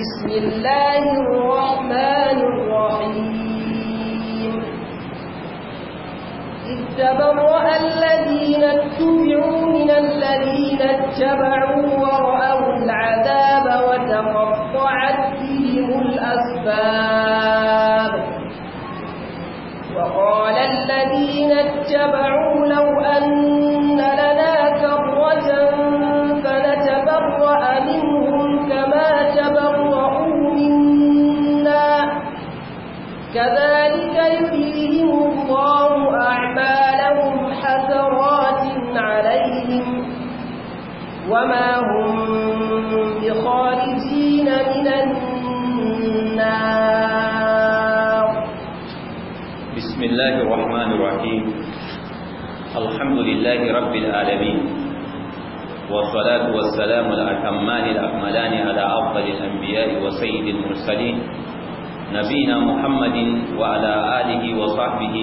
بسم الله الرحمن الرحيم إذ تبرأ الذين اتبعوا من الذين اتبعوا ورأوا العذاب وتقطعت بهم الأسباب وقال الذين اتبعوا الحمد لله رب العالمين والصلاة والسلام الأتمان الأكملان على أفضل الأنبياء وسيد المرسلين نبينا محمد وعلى آله وصحبه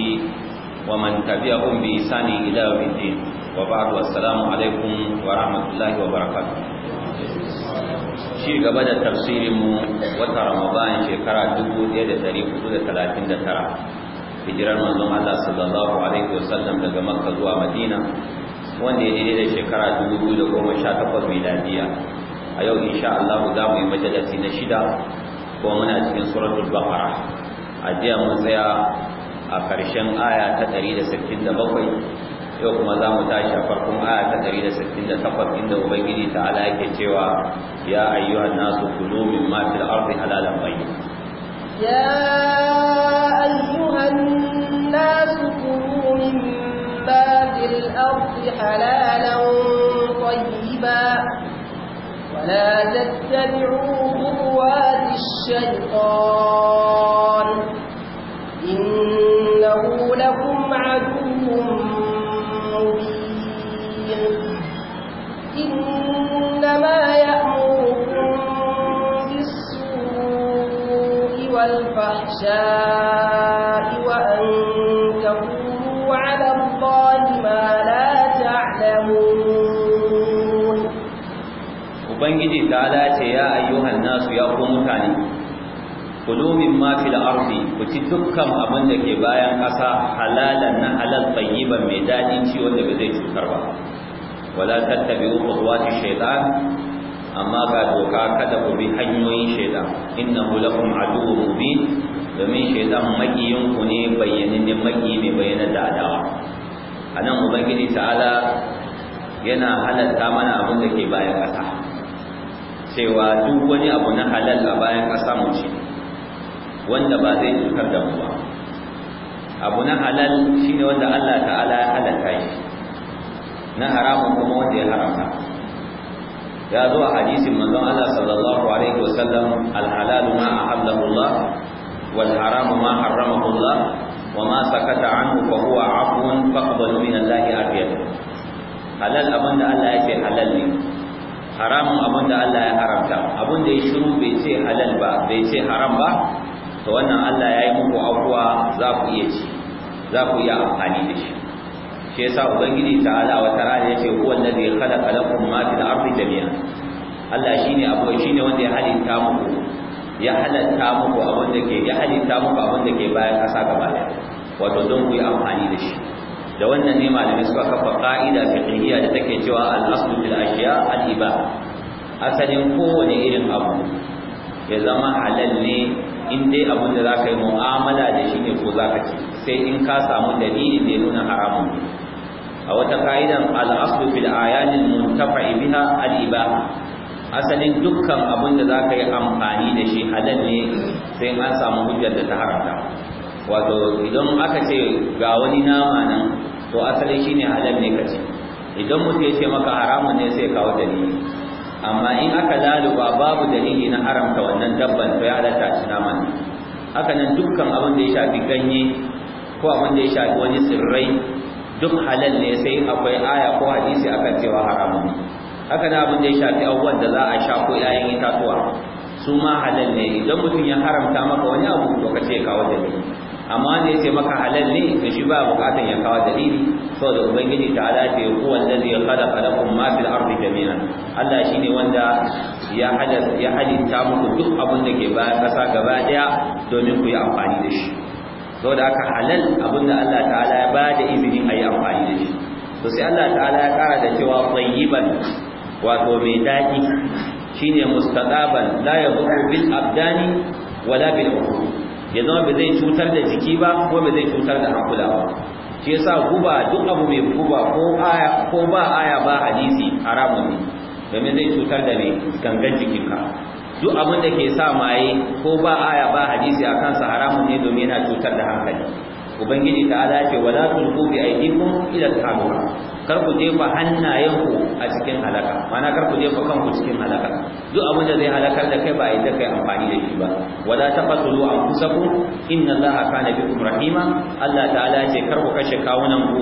ومن تبعهم بإحسان إلى يوم الدين وبعد والسلام عليكم ورحمة الله وبركاته ci gaba da tafsirinmu wata ramadan shekara 1439 hijirar manzon Allah sallallahu alaihi wasallam daga Makka zuwa Madina wanda ya daidai da shekara 2018 miladiya a yau insha Allah za mu yi majalisi na shida ko muna cikin suratul baqara a jiya mun tsaya a karshen aya ta 167 yau kuma za mu tashi a farkon aya ta 168 inda ubangiji ala yake cewa ya ayyuhan nasu kulu mimma fil ardi halalan bayyin ya الناس كلوا مما في الأرض حلالا طيبا ولا تتبعوا خطوات الشيطان إنه لكم عدو مبين إنما يأمركم بالسوء والفحشاء Kudumin mimma fil ku ci dukkan abin da ke bayan ƙasa halalan na halal ba mai daɗin ci wanda ba zai cutar ba wala tattabi'u khutuwati shaidan, amma ga doka kada ku bi hanyoyin shaytan innahu lakum aduwwun mubin domin shaytan makiyin ku ne bayyanannen maki mai bayyana da adawa anan ubangiji ta'ala yana halatta mana abin da ke bayan ƙasa cewa duk wani abu na halal a bayan ƙasa mu ci wanda ba zai cutar da mu ba abu na halal shine wanda Allah ta'ala ya halalta shi na haramun kuma wanda ya haramta ya zo a hadisin manzon Allah sallallahu alaihi wasallam alhalalu ma ahallahu Allah wal haramu ma harramahu Allah wa ma sakata anhu fa huwa afwun faqbalu min Allah afiyat halal abinda Allah ya yake halal ne haramun abinda Allah ya haramta abinda ya shiru bai ce halal ba bai ce haram ba to wannan Allah ya yi muku abuwa za ku iya ci za ku iya amfani da shi shi yasa ubangiji ta'ala wa ta'ala yace huwa allazi khalaqa lakum ma fil ardi jami'a Allah shine abu shine wanda ya halitta muku ya halatta muku abin da ke ya halitta muku abin da ke bayan kasa gaba daya wato don ku yi amfani da shi da wannan ne malami suka kafa ka'ida fiqhiyya da take cewa al-aslu fil ashiya al-iba asalin kowane irin abu ya zama halal ne in dai abin da zaka yi mu'amala da shi ne ko zaka ci sai in ka samu dalilin da ya nuna haramun a wata ka'idan al-aslu fil ayanin muntafa'i biha al asalin dukkan abin da zaka yi amfani da shi halal ne sai an samu hujjar da ta haramta wato idan aka ce ga wani nama nan to asalin shine halal ne ka ci. idan mutum ya ce maka haramun ne sai kawo dalili amma in aka laluba babu dalili na haramta wannan dabban to ya halatta shi haka nan dukkan abin da ya shafi ganye ko abin da ya shafi wani tsirrai duk halal ne sai akwai aya ko hadisi akan cewa haramun haka nan abin da ya shafi abubuwan da za a sha ko yayin itatuwa su ma halal ne idan mutum ya haramta maka wani abu to ka kawo dalili amma ya sai maka halal ne to shi ba bukatan ya kawo dalili saboda ubangiji ta ala ce huwa allazi khalaqa lakum ma fil ardi jami'an Allah shine wanda ya ya halitta muku duk abin da ke bayan kasa gaba daya domin ku yi amfani da shi saboda haka halal abin da Allah ta'ala ya bada izinin ayi amfani da shi to sai Allah ta'ala ya kara da cewa tayyiban wato mai daɗi shine mustaqaban la yadhu bil abdani wala bil uqud ya zama ba zai cutar da jiki ba ko ba zai cutar da hankula ba shi yasa guba duk abu mai guba ko aya ko ba aya ba hadisi haramun ne domin zai cutar da mai gangan jikinka duk abin da ke sa maye ko ba aya ba hadisi a kansa haramun ne domin yana cutar da hankali ubangiji ta ala ce wala tulqu bi aydikum ila tahallura kar ku jefa hannayenku a cikin halaka mana kar ku jefa kanku cikin halaka duk abin da zai halakar da kai ba idan kai amfani da shi ba wala taqtulu anfusakum inna allaha kana bikum rahima Allah ta'ala ce kar ku kashe kawunan ku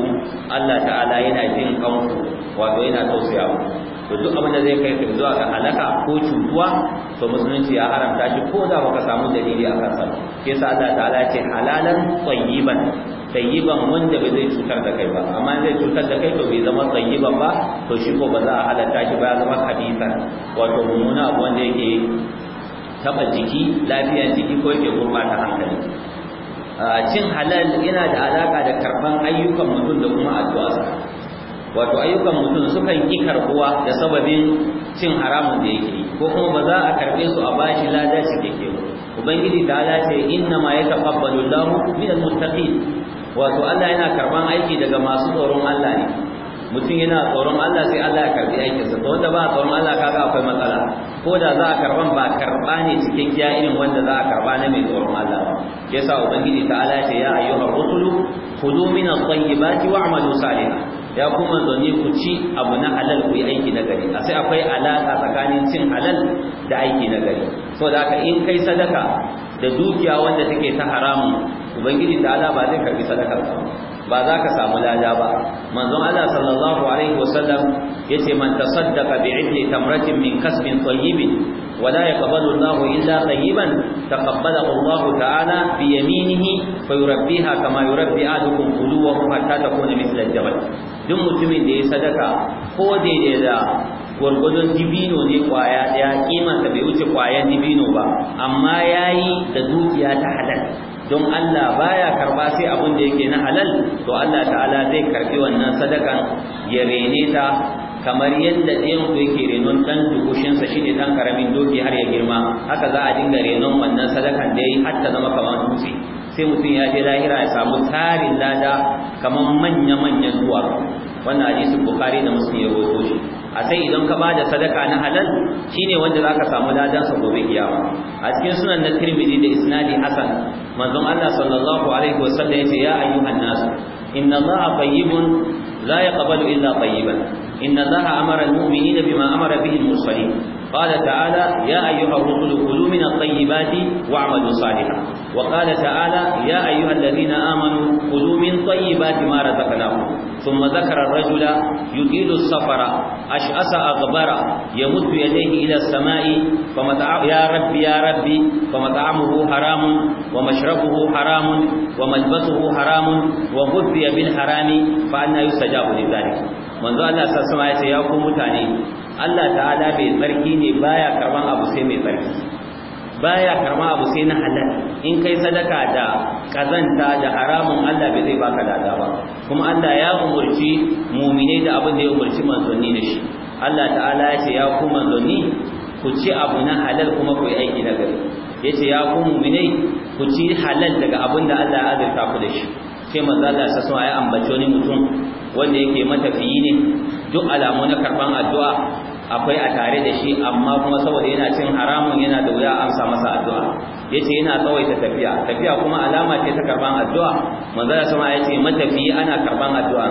Allah ta'ala yana jin kanku wato yana tausaya ku to duk abin da zai kai ka zuwa ga halaka ko cutuwa to musulunci ya haramta shi ko da baka samu dalili akan sa yasa Allah ta'ala ce halalan tayyiban tayyiban wanda bai zai cutar da kai ba amma zai cutar da kai to bai zama tayyiban ba to shi ko ba za a halatta shi ba ya zama hadisan wato mummuna abu wanda yake taba jiki lafiyar jiki ko yake ta hankali cin halal yana da alaka da karban ayyukan mutum da kuma addu'a wato ayyukan mutum sukan ƙi karbuwa da sababin cin haramun da yake ko kuma ba za a karbe su a bashi lada shi keke ubangiji ta ce inna ma yatababbalu Allahu minal muttaqin wato Allah yana karban aiki daga masu tsoron Allah ne mutum yana tsoron Allah sai Allah ya karbi aikinsa to wanda ba tsoron Allah kaga akwai matsala ko da za a karban ba karba ne cikin giya irin wanda za a karba na mai tsoron Allah ba yasa ubangiji ta'ala ce ya ayyuhar rusulu khudu min at-tayyibati wa'malu salihan ya ku manzanni ku ci abu na halal ku yi aiki na gari a sai akwai alaka tsakanin cin halal da aiki na gari so da haka in kai sadaka da dukiya wanda take ta haramun ubangiji ta'ala ba zai karbi sadakar ba ba za ka samu lada ba manzon Allah sallallahu alaihi wasallam yace man tasaddaqa bi idli tamratin min kasbin tayyibin wala yaqbalu Allah illa tayyiban taqabbalahu Allah ta'ala bi yaminihi fayurabbiha kama yurabbi ahadukum quluwahu hatta takuna mithla al-jabal duk mutumin da ya sadaka ko daidai da gwargwadon dibino ne kwaya daya kimansa bai wuce kwayan dibino ba amma yayi da dukiya ta halal don Allah baya karba sai abin da yake na halal to Allah ta'ala zai karbi wannan sadakan ya rene ta kamar yadda ɗayan ku yake renon dan dukushin sa shine dan karamin doki har ya girma haka za a dinga renon wannan sadakan da yayi har ta zama kamar dutse sai mutum ya je lahira ya samu tarin lada kamar manya-manyan duwatsu wannan hadisin bukhari da muslim ya rawaito shi a sai idan ka bada sadaka na halal shine wanda zaka samu ladan sa gobe kiyama a cikin sunan na Tirmidhi da isnadi hasan manzon Allah sallallahu alaihi wasallam yace ya ayyuhan nas inna Allaha tayyibun la yaqbalu illa tayyiban inna Allaha amara al-mu'minina bima amara bihi al-mursalin qala ta'ala ya ayyuha ar-rusulu kulu min at-tayyibati wa'malu salihan وقال تعالى يا أيها الذين آمنوا خذوا من طيبات ما رزقناكم ثم ذكر الرجل يطيل السفر أشأس أغبر يمد يديه إلى السماء فمتع... يا ربي يا ربي فمطعمه حرام ومشربه حرام وملبسه حرام وغذي بالحرام فأنا يستجاب لذلك منذ الله صلى الله عليه وسلم يا متاني Allah ta'ala bai tsarki ne baya karban abu sai mai tsarki baya karma abu sai na halal in kai sadaka da kazanta da haramun Allah bai zai baka lada ba kuma Allah ya umurci mu'minai da abin da ya umurci manzonni da shi Allah ta'ala ya ce ya ku manzonni ku ci abu na halal kuma ku yi aiki na gari ce ya ku mu'minai ku ci halal daga abin da Allah ya azurta ku da shi sai manzo Allah sai sa ya ambaci wani mutum wanda yake matafiyi ne duk alamu na karban addu'a akwai a tare da shi amma kuma saboda yana cin haramun yana da wuya an sa masa addu'a yace yana tsawaita tafiya tafiya kuma alama ce ta karban addu'a da sama yace matafi ana karban addu'a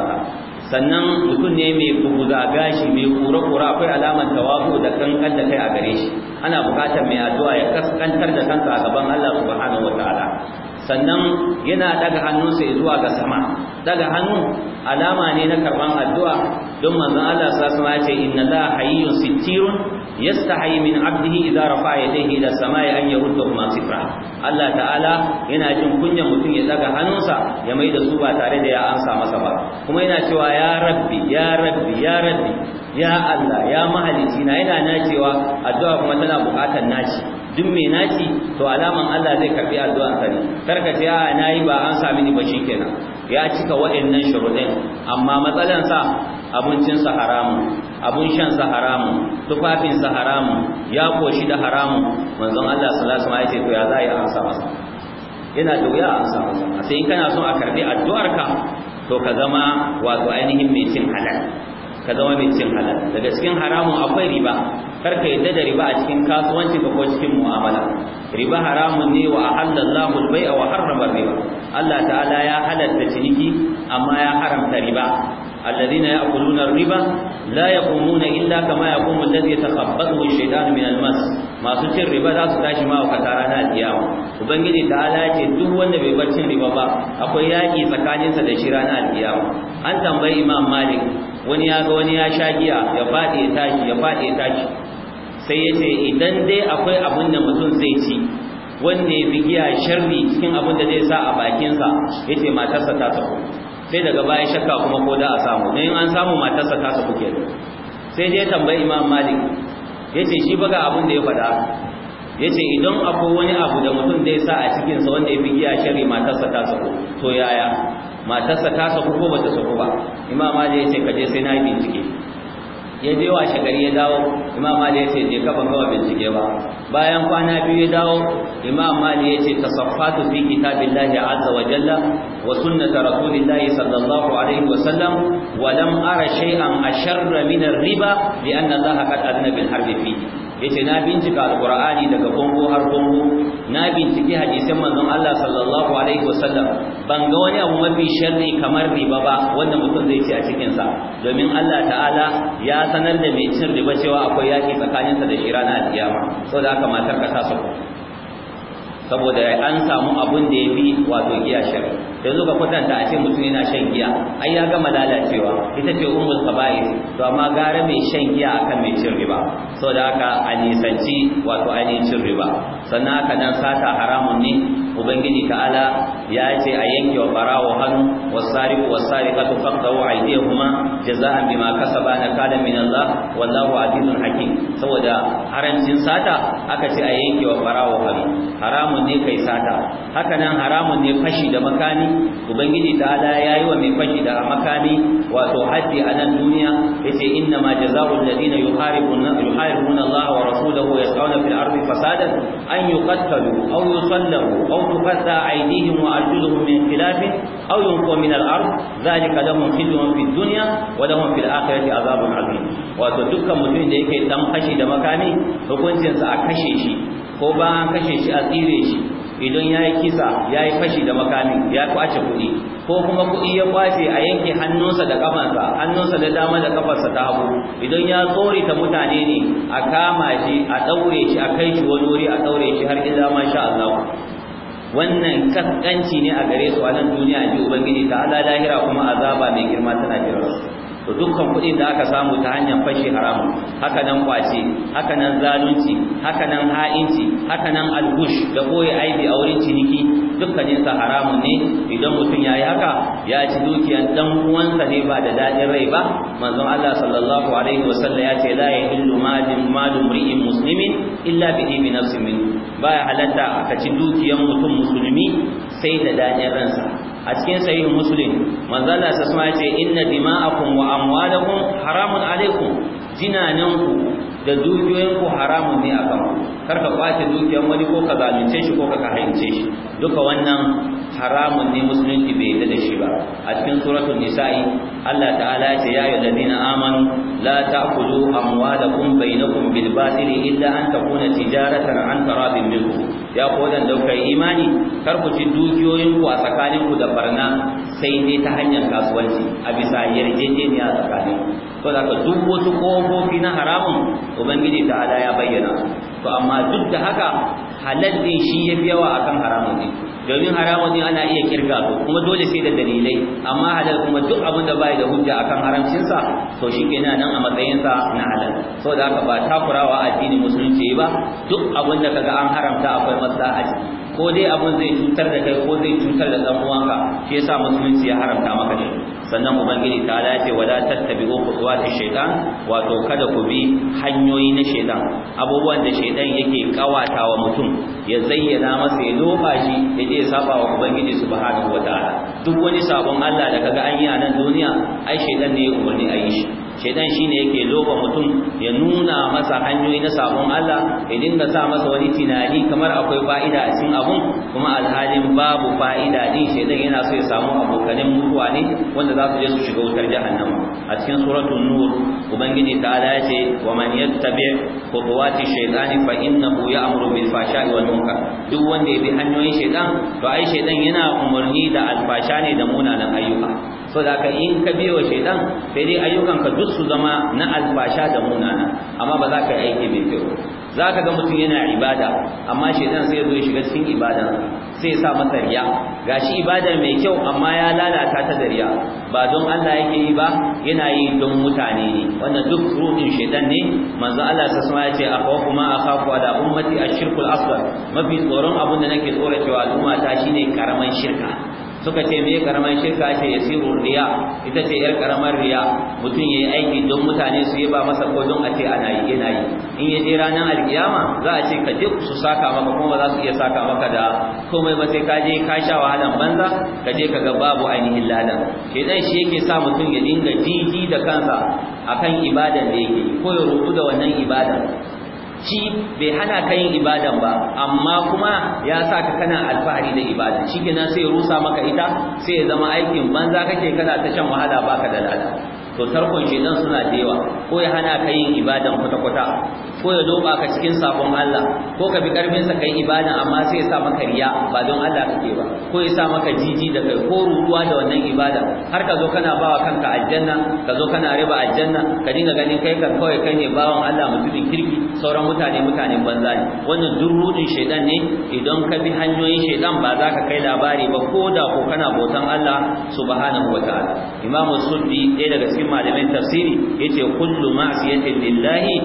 sannan mutum ne mai kubuza gashi mai kura-kura akwai alamar tawako da kankan da kai a gare shi ana bukatar mai addu'a ya kaskantar da kansa a gaban Allah subhanahu wataala sannan yana daga hannunsa zuwa ga sama daga hannu alama ne na karban addu'a don manzo Allah sa sama ya ce inna la hayyun sittirun yastahi min abdihi idza rafa'a yadayhi ila samai an ma sifra Allah ta'ala yana jin kunyan mutum ya daga hannunsa ya maida su ba tare da ya ansa masa ba kuma yana cewa ya rabbi ya rabbi ya rabbi ya Allah ya mahalici na yana nacewa addu'a kuma tana bukatar naci duk mai naci to alaman Allah zai karbi addu'ar sa ne karka ce a nayi ba an sami ni ba shikenan ya cika waɗannan shuruɗin amma matsalan sa abincinsa haramun abun shansa haramun tufafinsa haramun ya koshi da haramun manzon Allah sallallahu alaihi wasallam ya ce to ya za a amsa masa yana da wuya a amsa masa sai in kana son a karbi addu'arka to ka zama wato ainihin mai cin halal ka zama mai cin halal daga cikin haramun akwai riba kar ka yadda da riba a cikin kasuwanci ka ko cikin mu'amala riba haramun ne wa ahallallahu al-bai'a wa harrama riba Allah ta'ala ya halatta ciniki amma ya haramta riba الذين يأكلون الربا لا يقومون إلا كما يقوم الذي يتخبطه الشيطان من المس ما سوت الربا لا ستاش ما وكتارانا القيامة وبنجي تعالى يتدو والنبي بچن ربا با أقول ياكي سكانين سدشيرانا القيامة أنت أمبي إمام مالك wani ya ga wani ya sha giya ya faɗi ya tashi ya faɗi ya tashi sai ya idan dai akwai abin mutum zai ci wanda ya sharri cikin abinda zai sa a bakinsa yace yace matarsa ta sako sai daga bayan shakka kuma ko da a samu in an samu matarsa ta saku ke sai dai tambayi imam malik ce shi baga abin da ya faɗa ce idan akwai wani abu da mutum da ya sa a cikinsa wanda ya fi giya shari matarsa ta saku to yaya matarsa ta saku ko bata saku ba imam malik ce kaje sai na yi bincike ya je washe gari ya dawo imam mali ya ce je ka ban gama bincike ba bayan kwana biyu ya dawo imam mali ya ce tasaffatu fi kitabillahi azza wa jalla wa sunnati rasulillahi sallallahu alaihi wa sallam wa lam ara shay'an asharra min ar-riba li anna allaha qad adna bil harbi fihi yace na bincika alqur'ani daga bongo har bango na bincike hadisan manzon Allah sallallahu alaihi wasallam ban ga wani abu mafi sharri kamar riba ba wanda mutum zai ci a cikin sa domin Allah ta'ala ya sanar da mai cin riba cewa akwai yaki tsakaninsa da shi ranar kiyama saboda haka matar ka ta saboda an samu abun da yafi wato giya sharri yanzu ka kwatanta a ce mutum yana shan giya ai ya gama lalacewa ita ce ummul kabai to amma gara mai shan giya akan mai cin riba saboda haka a nisanci wato ainihin cin riba sannan haka nan sata haramun ne ubangiji ta'ala ya ce a yanke wa barawo hannu wasariku wasarikatu faqtahu aydihuma jazaan bima kasaba nakalan min Allah wallahu azizun hakim saboda harancin sata aka ce a yanke wa barawo hannu haramun ne kai sata haka nan haramun ne fashi da makami ubangiji ta'ala yayi wa mai fashi da makami wato haddi a nan duniya yace inna ma jazaa'ul ladina yuharibuna yuharibuna Allah wa rasulahu yas'una fil ardi fasadan an yuqattalu aw yusallabu aw تفزع أيديهم وأرجلهم من خلاف أو ينفوا من الأرض ذلك لهم خزي في الدنيا ولهم في الآخرة عذاب عظيم وتدك مدين da yake dan kashi da makami hukuncinsa a kashe shi ko kashe shi a tsire shi idan ya yi kisa ya yi fashi da makami ya kwace kuɗi ko kuma kuɗi ya kwace a yanke hannunsa da kafansa hannunsa da dama da kafarsa ta hagu idan ya tsorita mutane ne a kama shi a ɗaure shi a kai shi wani wuri a ɗaure shi har in dama sha Allah wannan kaskanci ne a gare su a nan duniya ji ubangiji ta ala lahira kuma azaba mai girma tana jira to dukkan kuɗin da aka samu ta hanyar fashi haramun haka nan kwace haka nan zalunci haka nan ha'inci haka nan albush da koyi aibi a wurin ciniki dukkanin sa haramun ne idan mutum ya yi haka ya ci dukiyan dan uwansa ne ba da daɗin rai ba manzon Allah sallallahu alaihi wasallam ya ce la yahillu malin malu mri'in muslimin illa bi bi nafsin min baya halatta ka ci dukiyan mutum musulmi sai da daɗin ransa a cikin sahih muslim manzala sa sama yace inna dima'akum wa amwalakum haramun alaikum jinananku da dukiyoyinku haramun ne akan kar ka kwace dukiyar wani ko ka zalunce shi ko ka kahince shi duka wannan haramun ne musulunci bai yadda da shi ba a cikin suratul nisa'i Allah ta'ala ya ce ya ayyuhallazina amanu la ta'kulu amwalakum bainakum bil batili illa an takuna tijaratan an tarabin minkum ya ko dan daukar imani kar ku ci dukiyoyin ku a tsakanin ku da barna sai dai ta hanyar kasuwanci a bisa yarjejeniya tsakanin to da ka duk wasu kofofi na haramun ubangiji ta ala ya bayyana to amma duk da haka halal din shi yafi yawa akan haramun din domin haramun ne ana iya kirga to kuma dole sai da dalilai amma halal kuma duk abin da bai da hujja akan haramcinsa to ke nan a matsayinsa na halal saboda haka ba takurawa addinin musulunci ba duk abin da kaga an haramta akwai maslaha a ko dai abin zai cutar da kai ko zai cutar da dan uwanka shi yasa musulunci ya haramta maka ne sannan ubangiji ta ala ce wala tattabi'u khutuwati shaytan wato kada ku bi hanyoyi na shaytan abubuwan da shaytan yake kawata wa mutum ya zayyana masa ya dofa shi ya je saba wa ubangiji subhanahu wataala duk wani sabon Allah da kaga an yi a nan duniya ai shaytan ne ya umarni a yi shi Shedan shine yake loba mutum ya nuna masa hanyoyi na sabon Allah ya dinga sa masa wani tunani kamar akwai fa'ida a cikin abun kuma alhalin babu fa'ida din Shedan yana so ya samu abokanin mutuwa ne wanda za su je su shiga wutar jahannama a cikin suratul nur ubangiji ta ya ce wa man yattabi khutuwati shaytani fa innahu ya'muru bil fahsha'i wal munkar duk wanda ya bi hanyoyin shedan? to ai shedan yana umarni da alfasha ne da munanan ayyuka so da ka in ka biyo shaidan sai dai ayyukan ka duk su zama na albasha da munana amma ba za ka yi aiki mai kyau za ka ga mutum yana ibada amma shaidan sai ya zo ya shiga cikin ibada sai ya sa masa riya shi ibada mai kyau amma ya lalata ta da riya ba don Allah yake yi ba yana yi don mutane ne wannan duk ruhin shaidan ne manzo Allah sa sama ya ce a kuma a kafu ala ummati ashirkul a mafi tsoron abin da nake tsoracewa al'umma ta shine karaman shirka suka ce me karamar shirka ce ya siru riya ita ce yar karamar riya mutum ya yi aiki don mutane su yi ba masa ko don a ce ana yi yana yi in ya je ranar alkiyama za a ce ka je su saka maka kuma za su iya saka maka da komai ba sai ka je ka sha wahalan banza ka je ka ga babu ainihin ladan shedan shi yake sa mutum ya dinga jiji da kansa akan ibadan da yake ko ya rubu da wannan ibadan shi bai hana ka yin ibadan ba amma kuma ya sa ka kana alfahari da ibada kenan sai rusa maka ita sai ya zama aikin banza kake kana ta shan wahala baka da lada to tarkon shedan suna da yawa ko ya hana ka yin ibadan kwata kwata ko ya doba ka cikin sabon Allah ko ka bi karfin sa kai ibada amma sai ya sa maka riya ba don Allah kake ba ko ya sa maka jiji da kai ko ruwa da wannan ibada har ka zo kana bawa kanka aljanna ka zo kana riba aljanna ka dinga ganin kai ka kawai kai ne bawan Allah mutumin kirki sauran mutane mutanen banza ne wannan durrudin shaidan ne idan ka bi hanyoyin shaidan ba za ka kai labari ba ko da ko kana bautan Allah subhanahu wa ta'ala imam suddi ɗaya daga cikin malamin tafsiri yace kullu ma'siyatin lillahi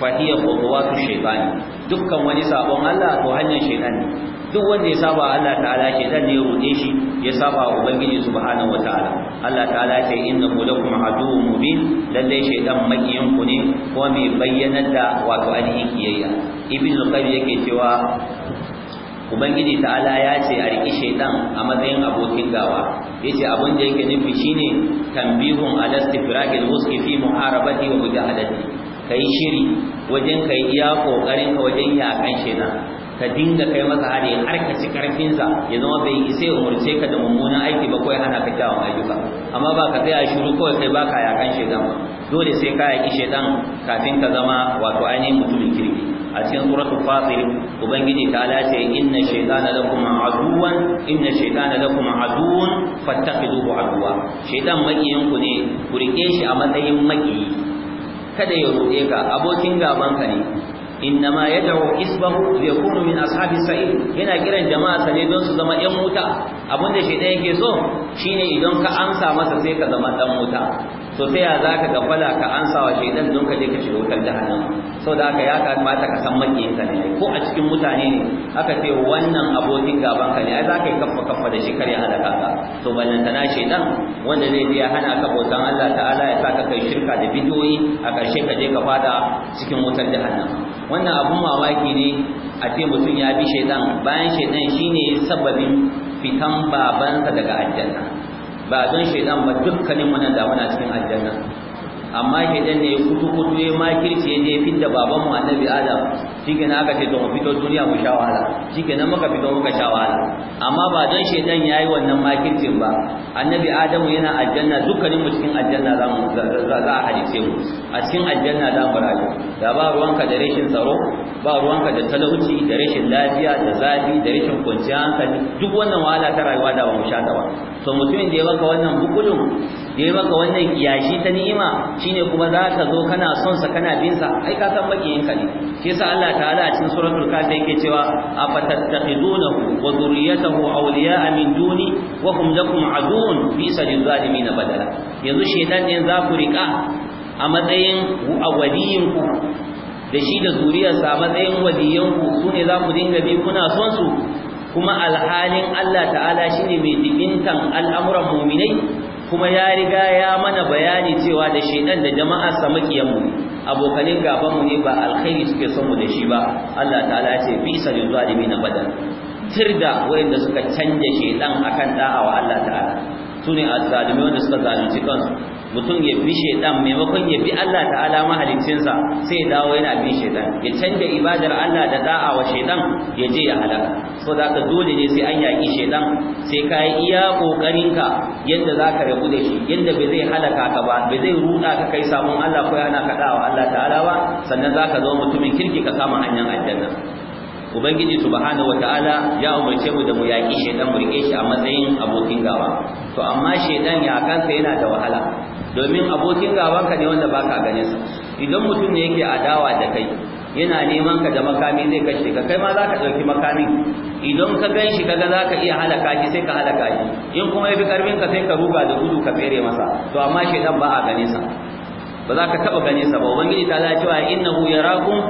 fa hiya khutuwatu shaytan dukkan wani sabon Allah to hanyar shaiɗan ne duk wanda ya saba Allah ta'ala shi zan ya rude shi ya saba wa ubangiji subhanahu wataala Allah ta'ala ce inna lakum aduwwun mubin lalle shaytan makiyin ku ne ko mai bayyana da wato ainihin kiyayya ibnu qayyim yake cewa ubangiji ta'ala ya ce a riki shaytan a matsayin abokin gawa yace abin da yake nufi shine tambihun alastifraqil wuski fi muharabati wa mujahadati kai shiri wajen kai iya kokarin ka wajen yakan shaytan ka dinga kai masa hari har ka ci karfinsa ya zama bai isa ya umarce ka da mummunan aiki ba ko ya hana ka kyawun ayyuka amma ba ka tsaya shiru kawai kai baka yakan ba. dole sai ka yaki shaidan kafin ka zama wato ainihin mutumin kirki a cikin suratul fatir ubangiji ta alace, inna shaytana lakum aduwan inna shaytana lakum aduwan fattakhiduhu aduwa shaytan makiyin ku ne ku rike shi a matsayin maki kada ya roƙe ka abokin gaban ka ne innama yad'u isbahu liyakunu min ashabi sa'id yana kiran jama'a sa ne don su zama yan wuta abinda shi da yake so shine idan ka amsa masa sai ka zama dan wuta to sai ya zaka gafala ka ansa wa shaydan don ka je ka shiga wutar jahannam saboda haka ya kamata ka san makiyin ka ne ko a cikin mutane ne aka ce wannan abokin gaban ka ne ai zaka yi kaffa kaffa da shi kar ya halaka ka to ballan tana shaydan wanda zai je ya hana ka bautan Allah ta'ala ya saka kai shirka da bidiyoyi a ƙarshe ka je ka fada cikin wutar jahannam wannan abun mamaki ne a ce mutum ya bi shaidan bayan shaidan ne sababin fitan babansa daga aljanna ba don shaidan ba dukkanin wannan da muna cikin aljanna amma shaidan ne kutu kutu ya makirce ne da babanmu annabi adam shikenan aka ce to mu fito duniya mu sha wahala shikenan muka fito muka sha wahala amma ba don shedan yayi wannan makircin ba annabi adamu yana aljanna dukkanin mu cikin aljanna za mu za a hadice mu a cikin aljanna za mu rayu da ba ruwanka da rashin tsaro ba ruwanka da talauci da rashin lafiya da zafi da rashin kwanciyar hankali duk wannan wahala ta rayuwa da ba mu sha ta ba to mutumin da ya baka wannan bukulun da ya maka wannan kiyashi ta ni'ima shine kuma za ka zo kana son sa kana bin sa ai ka san makiyin ka ne shi yasa Allah ta'ala a cikin suratul kafir yake cewa afatattakhidunahu wa dhurriyyatahu awliya'a min duni wa hum lakum aduun fi sajil zalimin badala yanzu shedan ne za ku rika a matsayin awaliyin ku da shi da zuriyarsa a matsayin waliyan ku sune za ku dinga bi kuna son su kuma alhalin Allah ta'ala shine mai dibintan al'amuran mu'minai kuma ya riga ya mana bayani cewa da shedan da jama'a sa makiyan mu abokanin gaban mu ne ba alkhairi suke son mu da shi ba Allah ta'ala ya ce fi salil zalimin badal tirda wayanda suka canja shedan akan da'awa wa Allah ta'ala sune azzalimi wanda suka zalunci kansu mutum ya bi shaitan maimakon ya bi Allah ta'ala mahalicinsa sai ya dawo yana bin shaitan ya canja ibadar Allah da da'a wa shaitan ya je ya halaka so da ka dole ne sai an yaki shaitan sai ka yi iya ka yadda za ka rabu da shi yadda bai zai halaka ka ba bai zai ruda ka kai samun Allah ko yana kaɗawa Allah ta'ala ba sannan za ka zo mutumin kirki ka kama hanyar aljanna ubangiji subhanahu wataala ya umarce mu da mu yaki shedan mu rike shi a matsayin abokin gaba to amma shedan ya kansa yana da wahala domin abokin gaban ka ne wanda baka ganin sa idan mutum ne yake adawa da kai yana neman ka da makami zai kashe ka kai ma zaka dauki makami idan ka ganshi kaga zaka iya halaka shi sai ka halaka shi in kuma yafi karfin ka sai ka ruga da gudu ka fere masa to amma shedan ba a ganin sa ba za ka taba ganin sa ba ubangiji ta la cewa innahu yarakum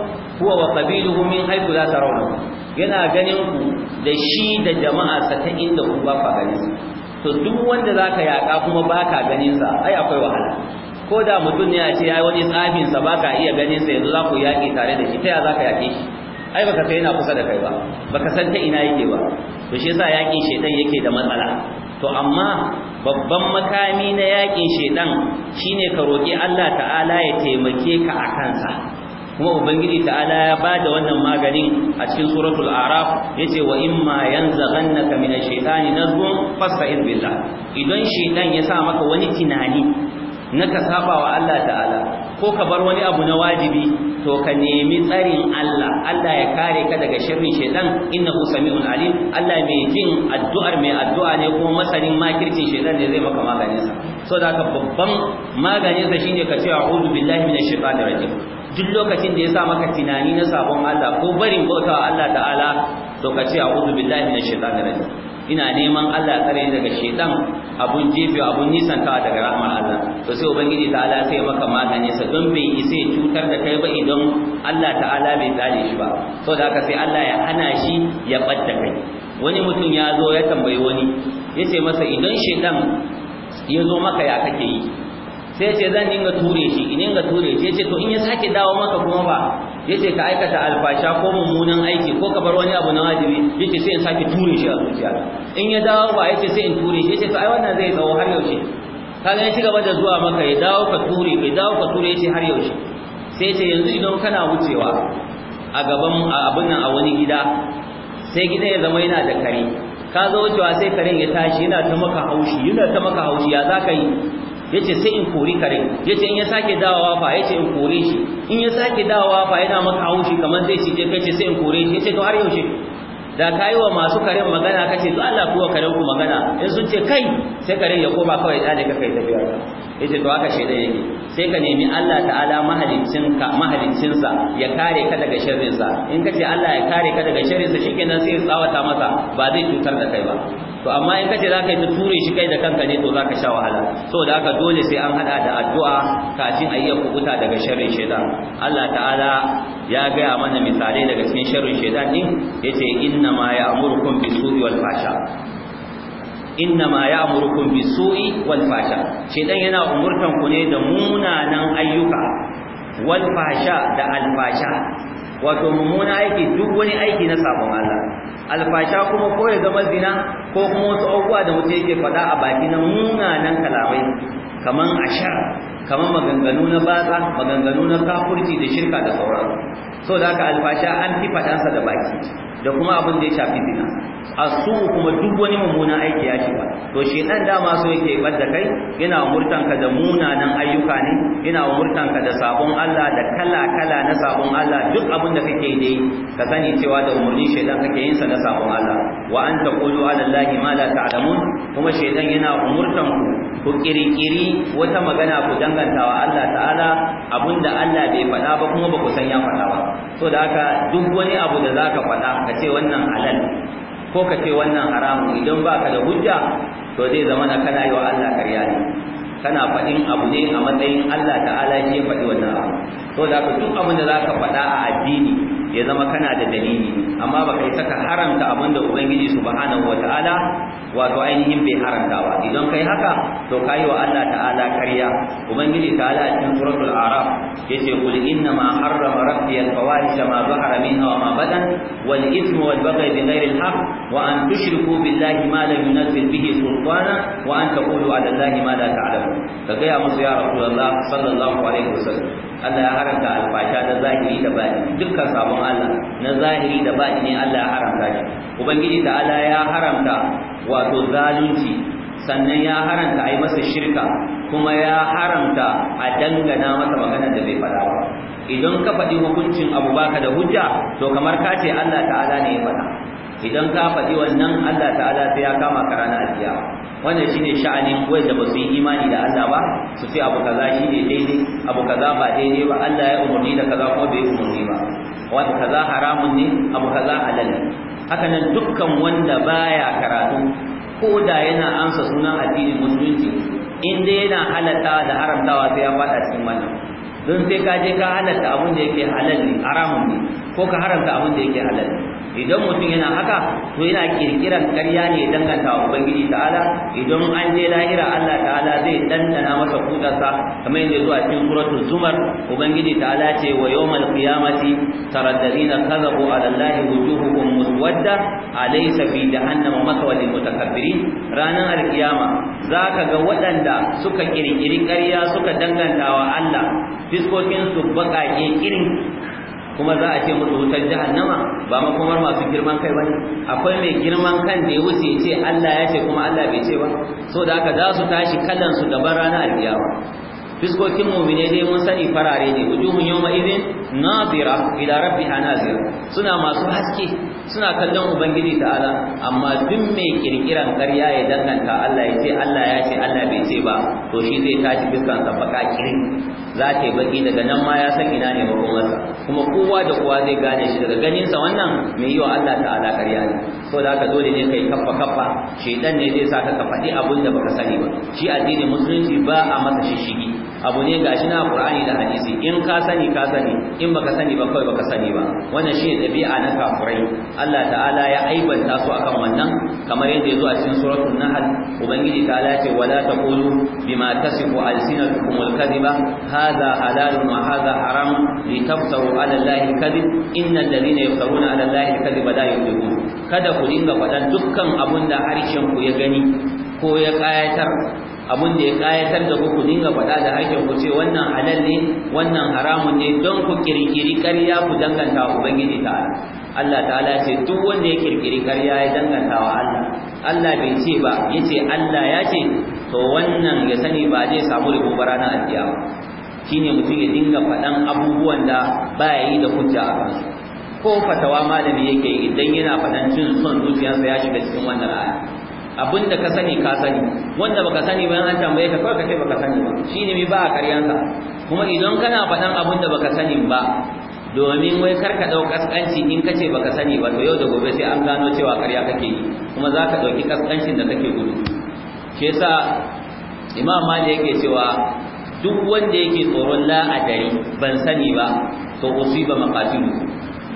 huwa wa qabiluhu min haythu la tarawna yana ganin ku da shi da jama'a sa ta inda ku ba ka gani sa to duk wanda zaka yaka kuma baka ganin sa ai akwai wahala ko da mutum ne ya ce yayi wani tsafin sa baka iya ganin sa yanzu za ku yaki tare da shi ta ya zaka yake shi ai baka kai yana kusa da kai ba baka san ta ina yake ba to shi yasa yakin shedan yake da matsala to amma babban makami na yakin shedan shine ka roki Allah ta'ala ya taimake ka a kansa kuma ubangiji ta'ala ya bada wannan maganin a cikin suratul araf yace wa imma yanzaghannaka minash shaitani nazghun fasta'id billah idan shaitan ya sa maka wani tunani na ka saba wa Allah ta'ala ko ka bar wani abu na wajibi to ka nemi tsarin Allah Allah ya kare ka daga sharrin shaitan innahu sami'un alim Allah mai jin addu'ar mai addu'a ne kuma masanin makircin shaitan ne zai maka maganin sa so da haka babban maganin sa shine ka ce a'udhu billahi minash shaitani rajim duk lokacin da ya sa maka tunani na sabon Allah ko barin wa Allah ta'ala to ka ce a'udhu billahi minash shaitani rajim ina neman Allah tsare ni daga shaitan abun jefe abun ta daga rahmar Allah to sai ubangiji ta'ala sai maka magani sa don bai isa cutar da kai ba idan Allah ta'ala bai tsare shi ba to da haka sai Allah ya hana shi ya badda kai wani mutum ya zo ya tambayi wani yace masa idan shaitan ya zo maka ya kake yi sai ce zan dinga ture shi in dinga ture shi yace to in ya sake dawo maka kuma ba yace ka aikata alfasha ko mummunan aiki ko ka bar wani abu na wajibi yace sai in sake ture shi a zuciya in ya dawo ba yace sai in ture shi yace to ai wannan zai tsawo har yaushe ga ya ci gaba da zuwa maka ya dawo ka ture ya dawo ka ture yace har yaushe sai ce yanzu idan kana wucewa a gaban abin nan a wani gida sai gidan ya zama yana da kare ka zo wucewa sai karen ya tashi yana ta maka haushi yana ta maka haushi ya zaka yi yace sai in kori kare yace in ya sake dawowa fa yace in kore shi in ya sake dawowa fa yana maka haushi kamar zai cije kai ce sai in kore shi yace to har yaushe da kai wa masu karen magana kace to Allah kuwa kare ku magana in sun ce kai sai kare ya koma kawai dale ka kai tafiya yace to haka shedan yake sai ka nemi Allah ta'ala mahalicin ka mahalicin sa ya kare ka daga sharrin sa in kace Allah ya kare ka daga sharrin sa shikenan sai ya tsawata masa ba zai cutar da kai ba to amma in kace zaka yi ta ture shi kai da kanka ne to zaka sha wahala da haka dole sai an hada da addu'a kafin a iya kubuta daga sharrin shaitan Allah ta'ala ya gaya mana misalai daga cikin sharrin shaitan din yace inna ma ya'murukum bisu'i wal fasha inna ma ya'murukum bisu'i wal fasha shaitan yana umurtan ku ne da munanan ayyuka wal fasha da al fasha wato mummuna aiki duk wani aiki na sabon Allah alfasha kuma ko ya zama zina ko kuma wasu abubuwa da mutum yake faɗa a baki na munanan kalamai kaman ashar kaman maganganu na batsa maganganu na kafurci da shirka da sauransu, so da haka alfasha an fi faɗansa da baki da kuma abin da ya shafi zina su kuma duk wani mummunan aiki ya shiga to shi dan dama so yake da kai yana ka da munanan ayyuka ne yana murtan ka da sabon Allah da kala kala na sabon Allah duk abin da kake yi ka sani cewa da shi shedan kake yin sa na sabon Allah wa an qulu ala allahi ma la ta'lamun kuma shedan yana umurtan ku kirkiri wata magana ku dangantawa Allah ta'ala abinda Allah bai faɗa ba kuma ba ku san ya faɗa ba so da haka duk wani abu da zaka faɗa ka ka ce wannan halal ko ka ce wannan haramun idan baka da hujja to zai zama na kana yi wa Allah karya ne kana faɗin abu ne a matsayin Allah ta'ala shi ya faɗi wannan abu to da ka duk abin da za ka faɗa a addini ya zama kana da dalili amma baka yi saka haramta abin da ubangiji subhanahu wataala wato ainihin bai haramta ba idan kai haka to kai wa Allah ta'ala karya ubangiji ta'ala cikin suratul araf yace qul inna ma harrama rabbi al-fawahisha ma zahara minha wa ma badan wal ithma wal baghy bighayri al-haqq wa an tushriku billahi ma lam yunzil bihi sultana wa an taqulu ala allahi ma la ta'lamun kaga ya musu ya rasulullah sallallahu alaihi wasallam Allah ya haramta alfasha na zahiri da bani. dukkan sabon Allah na zahiri da bani ne Allah ya haramta shi ubangiji Allah ya haramta wato zalunci sannan ya haramta a yi masa shirka kuma ya haramta a dangana masa magana da bai faɗa ba idan ka faɗi hukuncin abu baka da hujja to kamar ka ce Allah ta'ala ne ya faɗa idan ka faɗi wannan Allah ta'ala sai ya kama ka ranar alkiyama wannan shine sha'ani, wanda ba su yi imani da Allah ba su ce abu kaza shine daidai abu kaza ba daidai ba Allah ya umarni da kaza ko bai umarni ba wanda kaza haramun ne abu kaza halal ne haka nan dukkan wanda baya karatu ko da yana amsa sunan addini musulunci in dai yana halatta da haramtawa sai ya faɗa cikin wannan don sai ka je ka halatta abin da yake halal ne haramun ne ko ka haramta abin da yake halal ne idan mutum yana haka to yana kirkiran ƙarya ne danganta wa ubangiji ta'ala idan an je lahira Allah ta'ala zai dandana masa kudarsa kamar yadda zuwa cikin suratul zumar ubangiji ta'ala ce wa yawmal qiyamati taraddadina kadhabu ala allahi wujuhukum muswadda alaysa fi jahannama maswal lil mutakabbirin ranar alkiyama zaka ga waɗanda suka kirkiri ƙarya suka dangantawa Allah fiskokin su baƙaƙe irin kuma za a ce musu wutar jahannama ba makomar masu girman kai bane akwai mai girman kan da ya wuce ya ce Allah ya ce kuma Allah bai ce ba so da haka za su tashi kallon su gaban ranar alkiyama fiskokin mu'mine dai mun sani farare ne wujuhun yawma idin nadira ila rabbiha nazira suna masu haske suna kallon ubangiji ta'ala amma duk mai kirkiran ƙarya ya danganta Allah ya ce Allah ya ce Allah bai ce ba to shi zai tashi biskan sa baka kirin za ta baki daga nan ma ya san ina ne makomarsa kuma kowa da kowa zai gane shi daga ganin sa wannan mai yi wa Allah ta'ala ƙarya ne Ko da ka dole ne kai kaffa kaffa shedan ne zai sa ka faɗi abin da baka sani ba shi addinin musulunci ba a masa shishigi abu ne ga shi na Qur'ani da hadisi in ka sani ka sani in baka sani ba kai baka sani ba wannan shi ne dabi'a na kafirai Allah ta'ala ya aibanta su akan wannan kamar yadda yazo a cikin suratul nahl ubangiji ta'ala ya ce wala taqulu bima tasifu alsinatukum alkadhiba hadha halalun wa hadha haram litaftaru ala allahi alkadhib innal ladhina yaftaruna ala allahi alkadhiba la yuflihun kada ku dinga fadan dukkan abun da harshen ku ya gani ko ya kayatar abun da ya kayatar da ku dinga faɗa da haƙƙin ku ce wannan halal ne wannan haramun ne don ku kirkiri ƙarya ku danganta ubangiji ta Allah ta'ala ce duk wanda ya kirkiri ƙarya ya danganta wa Allah Allah bai ce ba yace Allah ya ce to wannan ya sani ba zai samu rabo ba ranar alkiyama shine mutum ya dinga faɗan abubuwan da ba yi da hujja a kansu ko fatawa malami yake idan yana faɗan cin son zuciyarsa ya shiga cikin wannan ayat abin da ka sani ka sani wanda baka sani ba an tambaye ka kawai ka ce baka sani ba shi ne ba a karyansa kuma idan kana faɗan abin da baka sani ba domin wai kar ka ɗauki kaskanci in ka ce baka sani ba to yau da gobe sai an gano cewa karya kake yi kuma za ka ɗauki kaskancin da kake gudu shi yasa imam mali yake cewa duk wanda yake tsoron la'adari ban sani ba to usiba maqatilu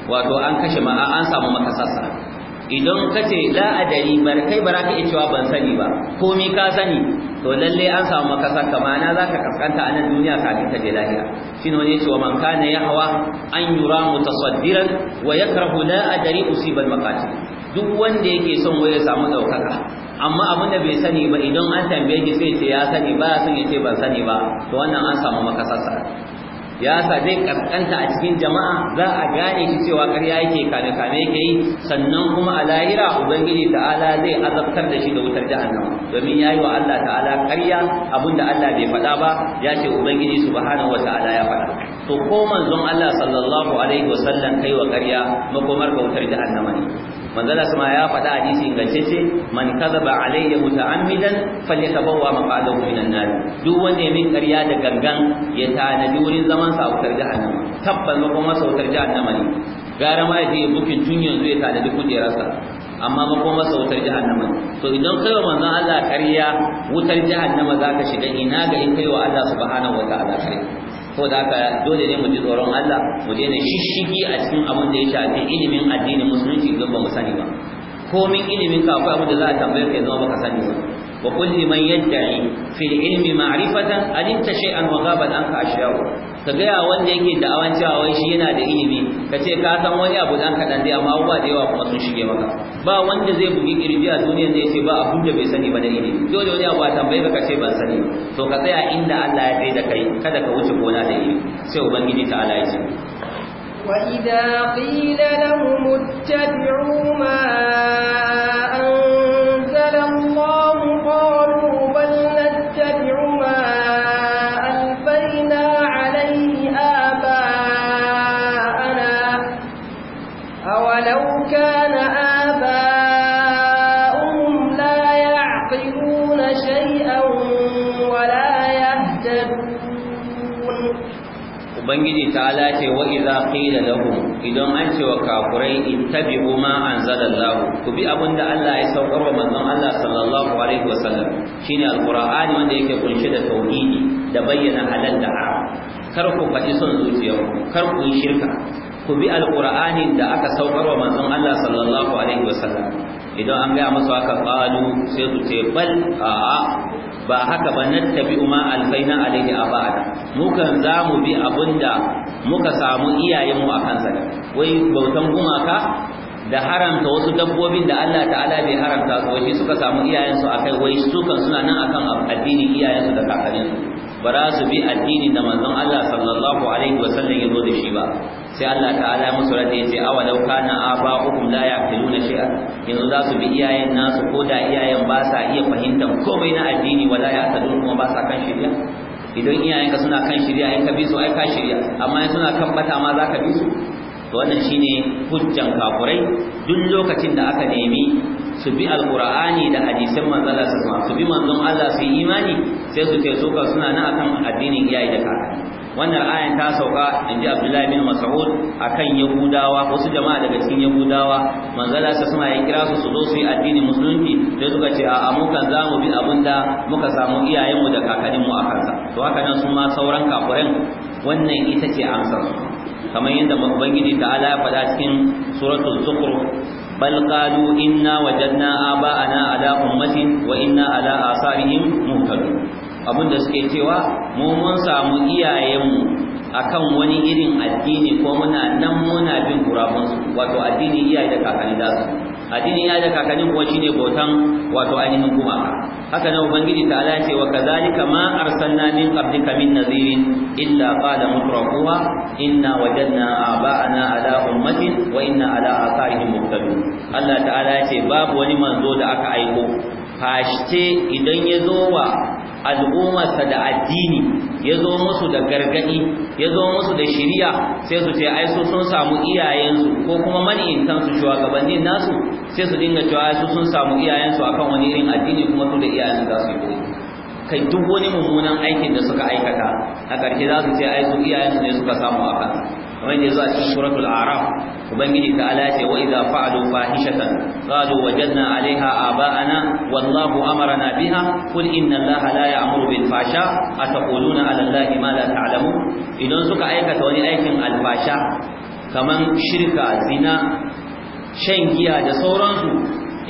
wato an kashe ma an samu makasasa idan ka ce la adari bar kai za ka cewa ban sani ba komi ka sani to lalle an samu makasar ka ma'ana za ka kaskanta a nan duniya kafin ka je lahira Shin wani yace wa man kana hawa an yura mutasaddiran wa yakrahu la adari usibar maqati duk wanda yake son waye samu ɗaukaka, amma abin da bai sani ba idan an tambaye shi sai ce ya sani ba ya ya ce ban sani ba to wannan an samu makasarsa ya sa zai kaskanta a cikin jama'a za a gane shi cewa ƙarya yake kame kame yake yi sannan kuma a lahira ubangiji ta'ala zai azabtar da shi da wutar jahannam domin yi wa Allah ta'ala ƙarya abinda Allah bai faɗa ba ya ce ubangiji subhanahu wata'ala ya faɗa to ko manzon Allah sallallahu alaihi wasallam kai wa ƙarya makomar wutar jahannama ne manzala sama ya faɗa hadisi ingantacce man kadhaba alayya muta'ammidan falyatabawwa maqadahu minan nar duk wanda ya min ƙarya da gangan ya tanadi wurin zaman sa a wutar jahannama tabbas makoma sa wutar jahannama ne gara ma ya je bukin tun yanzu ya tanadi kujerarsa amma makoma sa wutar jahannama to idan kai wa manzon Allah ƙarya wutar jahannama za ka shiga ina ga in kai wa Allah subhanahu wa ta'ala ƙarya ko da haka dole ne mu ji tsoron Allah mu daina shishigi a cikin abin da ya shafi ilimin addinin musulunci don ba mu sani ba komin ilimin ka akwai abin da za a tambaye ka ya zama ka sani ba وكل من يدعي في العلم معرفة علمت شيئا وغاب عنك أشياء gaya wanda yake da'awan cewa wai shi yana da ilimi kace ka san wani abu dan dan dai amma uba da yawa kuma sun shige maka ba wanda zai bugi kirji a duniya ne ce ba abun da bai sani ba da ilimi dole wani abu a tambaye ka ce ban sani to ka tsaya inda Allah ya kai da kai kada ka wuce gona da ilimi sai ubangiji ta Allah ya ce وإذا qila lahum ittabi'u ma ubangiji ta'ala ce wa idza qila lahum idan an ce wa kafurai ittabi'u ma anzalallahu ku bi da Allah ya saukar wa manzon Allah sallallahu alaihi wasallam shine alƙur'ani wanda yake kunshi da tauhidi da bayyana halal da haram kar ku faɗi son zuciyarku kar ku yi shirka ku bi alƙur'ani da aka saukar wa manzon Allah sallallahu alaihi wasallam idan an ga masa haka qalu sai su ce bal a'a ba haka ba nattabi'u ma alfaina alaihi abada mukan zamu bi abunda muka samu mu akan sa wai bautan gumaka da haramta wasu dabbobin da Allah ta'ala bai haramta su wai suka samu iyayensu akai wai su kan suna nan akan addinin iyayensu da kakanninsu ba za su bi addini da manzon Allah sallallahu alaihi wasallam ya zo da shi ba sai Allah ta'ala ya musu rade yace awa law kana aba'ukum la yaqiluna shay'a yanzu za su bi iyayen nasu ko da iyayen ba sa iya fahimtar komai na addini wala ya tadun kuma ba sa kan shirya idan iyayenka suna kan shirya in ka bi su ai ka shirya amma in suna kan bata ma za ka bi su to wannan shine hujjan kafurai duk lokacin da aka nemi su bi alqur'ani da hadisin manzon Allah su bi manzon Allah su yi imani sai su ce suka suna na akan addinin iyaye da ka wannan ayan ta sauka inji Abdullahi bin Mas'ud akan Yahudawa wasu jama'a daga cikin Yahudawa manzala sa suna ya kira su su zo su yi addinin musulunci sai suka ce a mu kan zamu bi abinda muka samu iyayenmu da kakanninmu a kansa to haka nan suma sauran kafirin wannan ita ce amsar kamar yadda ubangiji ta'ala ya faɗa cikin suratul zukhruf bal qalu inna wajadna aba'ana ala ummatin wa inna ala asarihim muhtadun abin da suke cewa mu mun samu iyayenmu akan wani irin addini ko muna nan muna bin gurabun wato addini iyaye da kakanni da su addini iyaye da kakanni kuwa shine botan wato ainihin gumaka haka nan ubangiji ta ala ce wa kazalika ma arsalna min qablika min nadhirin illa qala mutrafuha inna wajadna aba'ana ala ummatin wa inna ala atharihim muqtadun Allah ta'ala ce babu wani manzo da aka aiko fashite idan ya zo wa al'ummarsa da addini ya zo musu da gargadi ya zo musu da shiriya sai su ce ai su sun samu iyayensu ko kuma san su shugabannin nasu sai su dinga cewa su sun samu iyayensu akan wani irin addini kuma su da iyayensu za su yi kai duk wani mummunan aikin da suka aikata a ƙarshe za su ce ai su iyayensu ne suka samu a kan kamar yadda zuwa cikin suratul araf ubangiji ta'ala ce wa wajen fa'alu fahishatan qalu wajadna 'alayha aba'ana wallahu amarna biha qul inna allaha la ya'muru bil fahsha ataquluna 'ala allahi ma la ta'lamun idan suka aikata wani aikin albasha kaman shirka zina shan giya da sauransu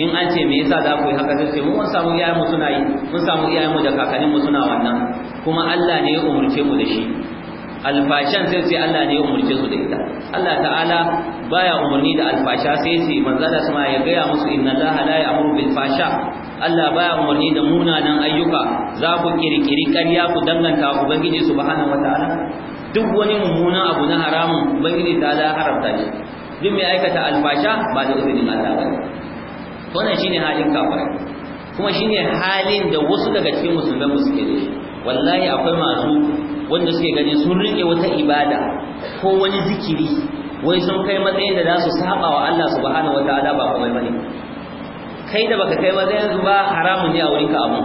in an ce me yasa za ku yi haka sai mu mun samu iyayenmu suna yi mun samu iyayenmu da kakanninmu suna wannan kuma Allah ne ya umurce mu da shi alfashan sai sai Allah ne ya umurce su da ita Allah ta'ala baya umurni da alfasha sai sai manzo da sama ya gaya musu inna Allah la ya'muru bil fasha Allah baya umurni da munanan ayyuka za ku kirkiri ƙarya ku danganta ubangiji subhanahu wataala duk wani mummunan abu na haramun ubangiji ta la haramta shi duk mai aikata alfasha ba da izinin Allah ba wannan shine halin kafirai kuma shine halin da wasu daga cikin musulmai suke da shi wallahi akwai masu wanda suke gani sun rike wata ibada ko wani zikiri wai sun kai matsayin da za su saba wa Allah subhanahu wataala ba kamar bane kai da baka kai matsayin su ba haramun ne a wurinka abu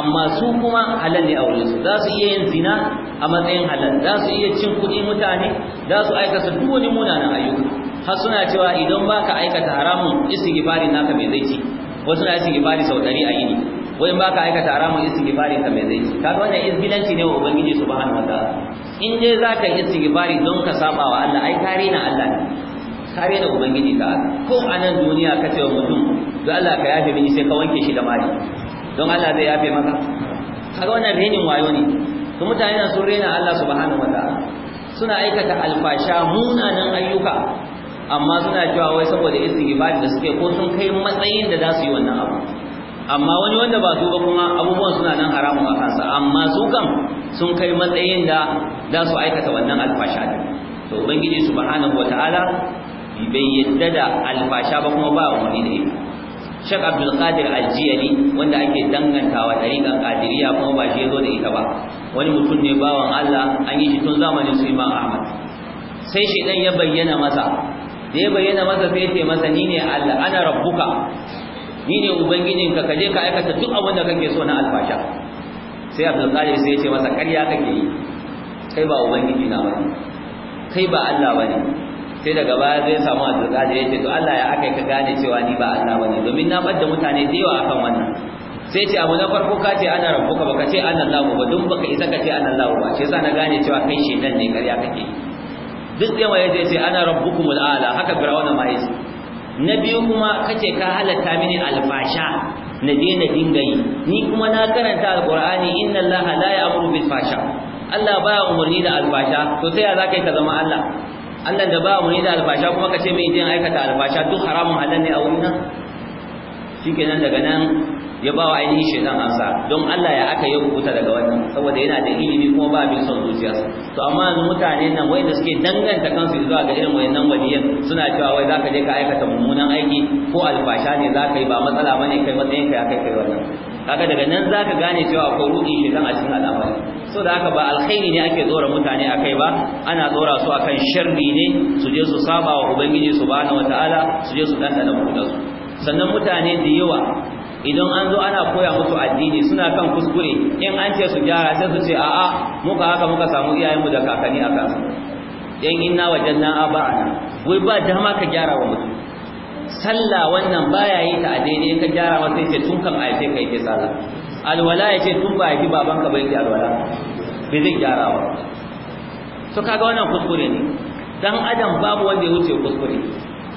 amma su kuma halal ne a wurin su za su iya yin zina a matsayin halal za su iya cin kuɗi mutane za su aikata duk wani munanan ayyuka har suna cewa idan baka aikata haramun istighfari naka me zai ci wasu na istighfari sau ɗari a yini wai ba ka aikata haramun istighfari ka mai zai kaga wannan izgilanci ne wa ubangiji subhanahu wa ta'ala in dai zaka ka yi istighfari don ka saba wa Allah ai kare na Allah kare da ubangiji ka ko a nan duniya ka ce wa mutum don Allah ka yafe mini sai ka wanke shi da mali don Allah zai yafe maka kaga wannan renin wayo ne to mutane na sun rena Allah subhanahu wa ta'ala suna aikata alfasha munanan ayyuka amma suna cewa wai saboda istighfari da suke ko sun kai matsayin da za su yi wannan abu amma wani wanda ba su ba kuma abubuwan suna nan haramun a kansa amma su kan sun kai matsayin da za su aikata wannan alfasha ne to ubangiji subhanahu wataala bai yadda da alfasha ba kuma ba umarni da ita Sheikh Abdul Qadir wanda ake dangantawa tariqan Qadiriyya kuma ba shi zo da ita ba wani mutum ne bawan Allah an yi tun zamanin su Imam Ahmad sai shi dan ya bayyana masa da ya bayyana masa sai ya ce masa ni ne Allah ana rabbuka ni ne ubangijinka ka je ka aikata duk abin da kake so na alfasha sai abdul qadir sai ya ce masa ƙarya kake yi kai ba ubangiji na ba kai ba Allah bane sai daga baya zai samu abdul qadir ya ce to Allah ya akai ka gane cewa ni ba Allah bane domin na bada mutane da yawa akan wannan sai ce abu na farko ka ce ana rabbuka baka ce ana Allah ba don baka isa ka ce ana Allah ba sai sa na gane cewa kai shedan ne ƙarya kake duk yawa ya ce ana rabbukumul ala haka firawuna ma yace na biyu kuma kace ka halatta mini alfasha na je na dinga yi ni kuma na karanta alqur'ani inna allaha la ya'muru bil fasha Allah baya umarni da alfasha to sai ya zaka ka zama Allah Allah da ba umarni da alfasha kuma kace mai jin aikata alfasha duk haramun halal ne a wurin shikenan daga nan ya ba wa ainihin shaitan ansa don Allah ya aka yi rubuta daga wannan saboda yana da ilimi kuma ba bin son zuciya. to amma mutane nan wanda suke danganta kansu zuwa ga irin wayannan waliyan suna cewa wai zaka je ka aikata mummunan aiki ko alfasha ne zaka yi ba matsala bane kai matsayin ka ya kai kai wannan kaga daga nan zaka gane cewa akwai rudi shaitan a cikin al'amari so da haka ba alkhairi ne ake tsora mutane akai ba ana tsora su akan sharri ne su je su saba wa ubangiji subhanahu wataala su je su dandana mutunta su sannan mutane da yawa idan an zo ana koya musu addini suna kan kuskure in an ce su gyara sai su ce a'a muka haka muka samu iyayenmu da kakanni a kansu yan inna ba ana wai ba dama ka gyara wa mutum sallah wannan baya yi ta daidai ka gyara wa sai ce tun kan aife kai ke sala alwala ya ce tun ba yi fi babanka ba yake alwala bai zai gyara wa to kaga wannan kuskure ne dan adam babu wanda ya wuce kuskure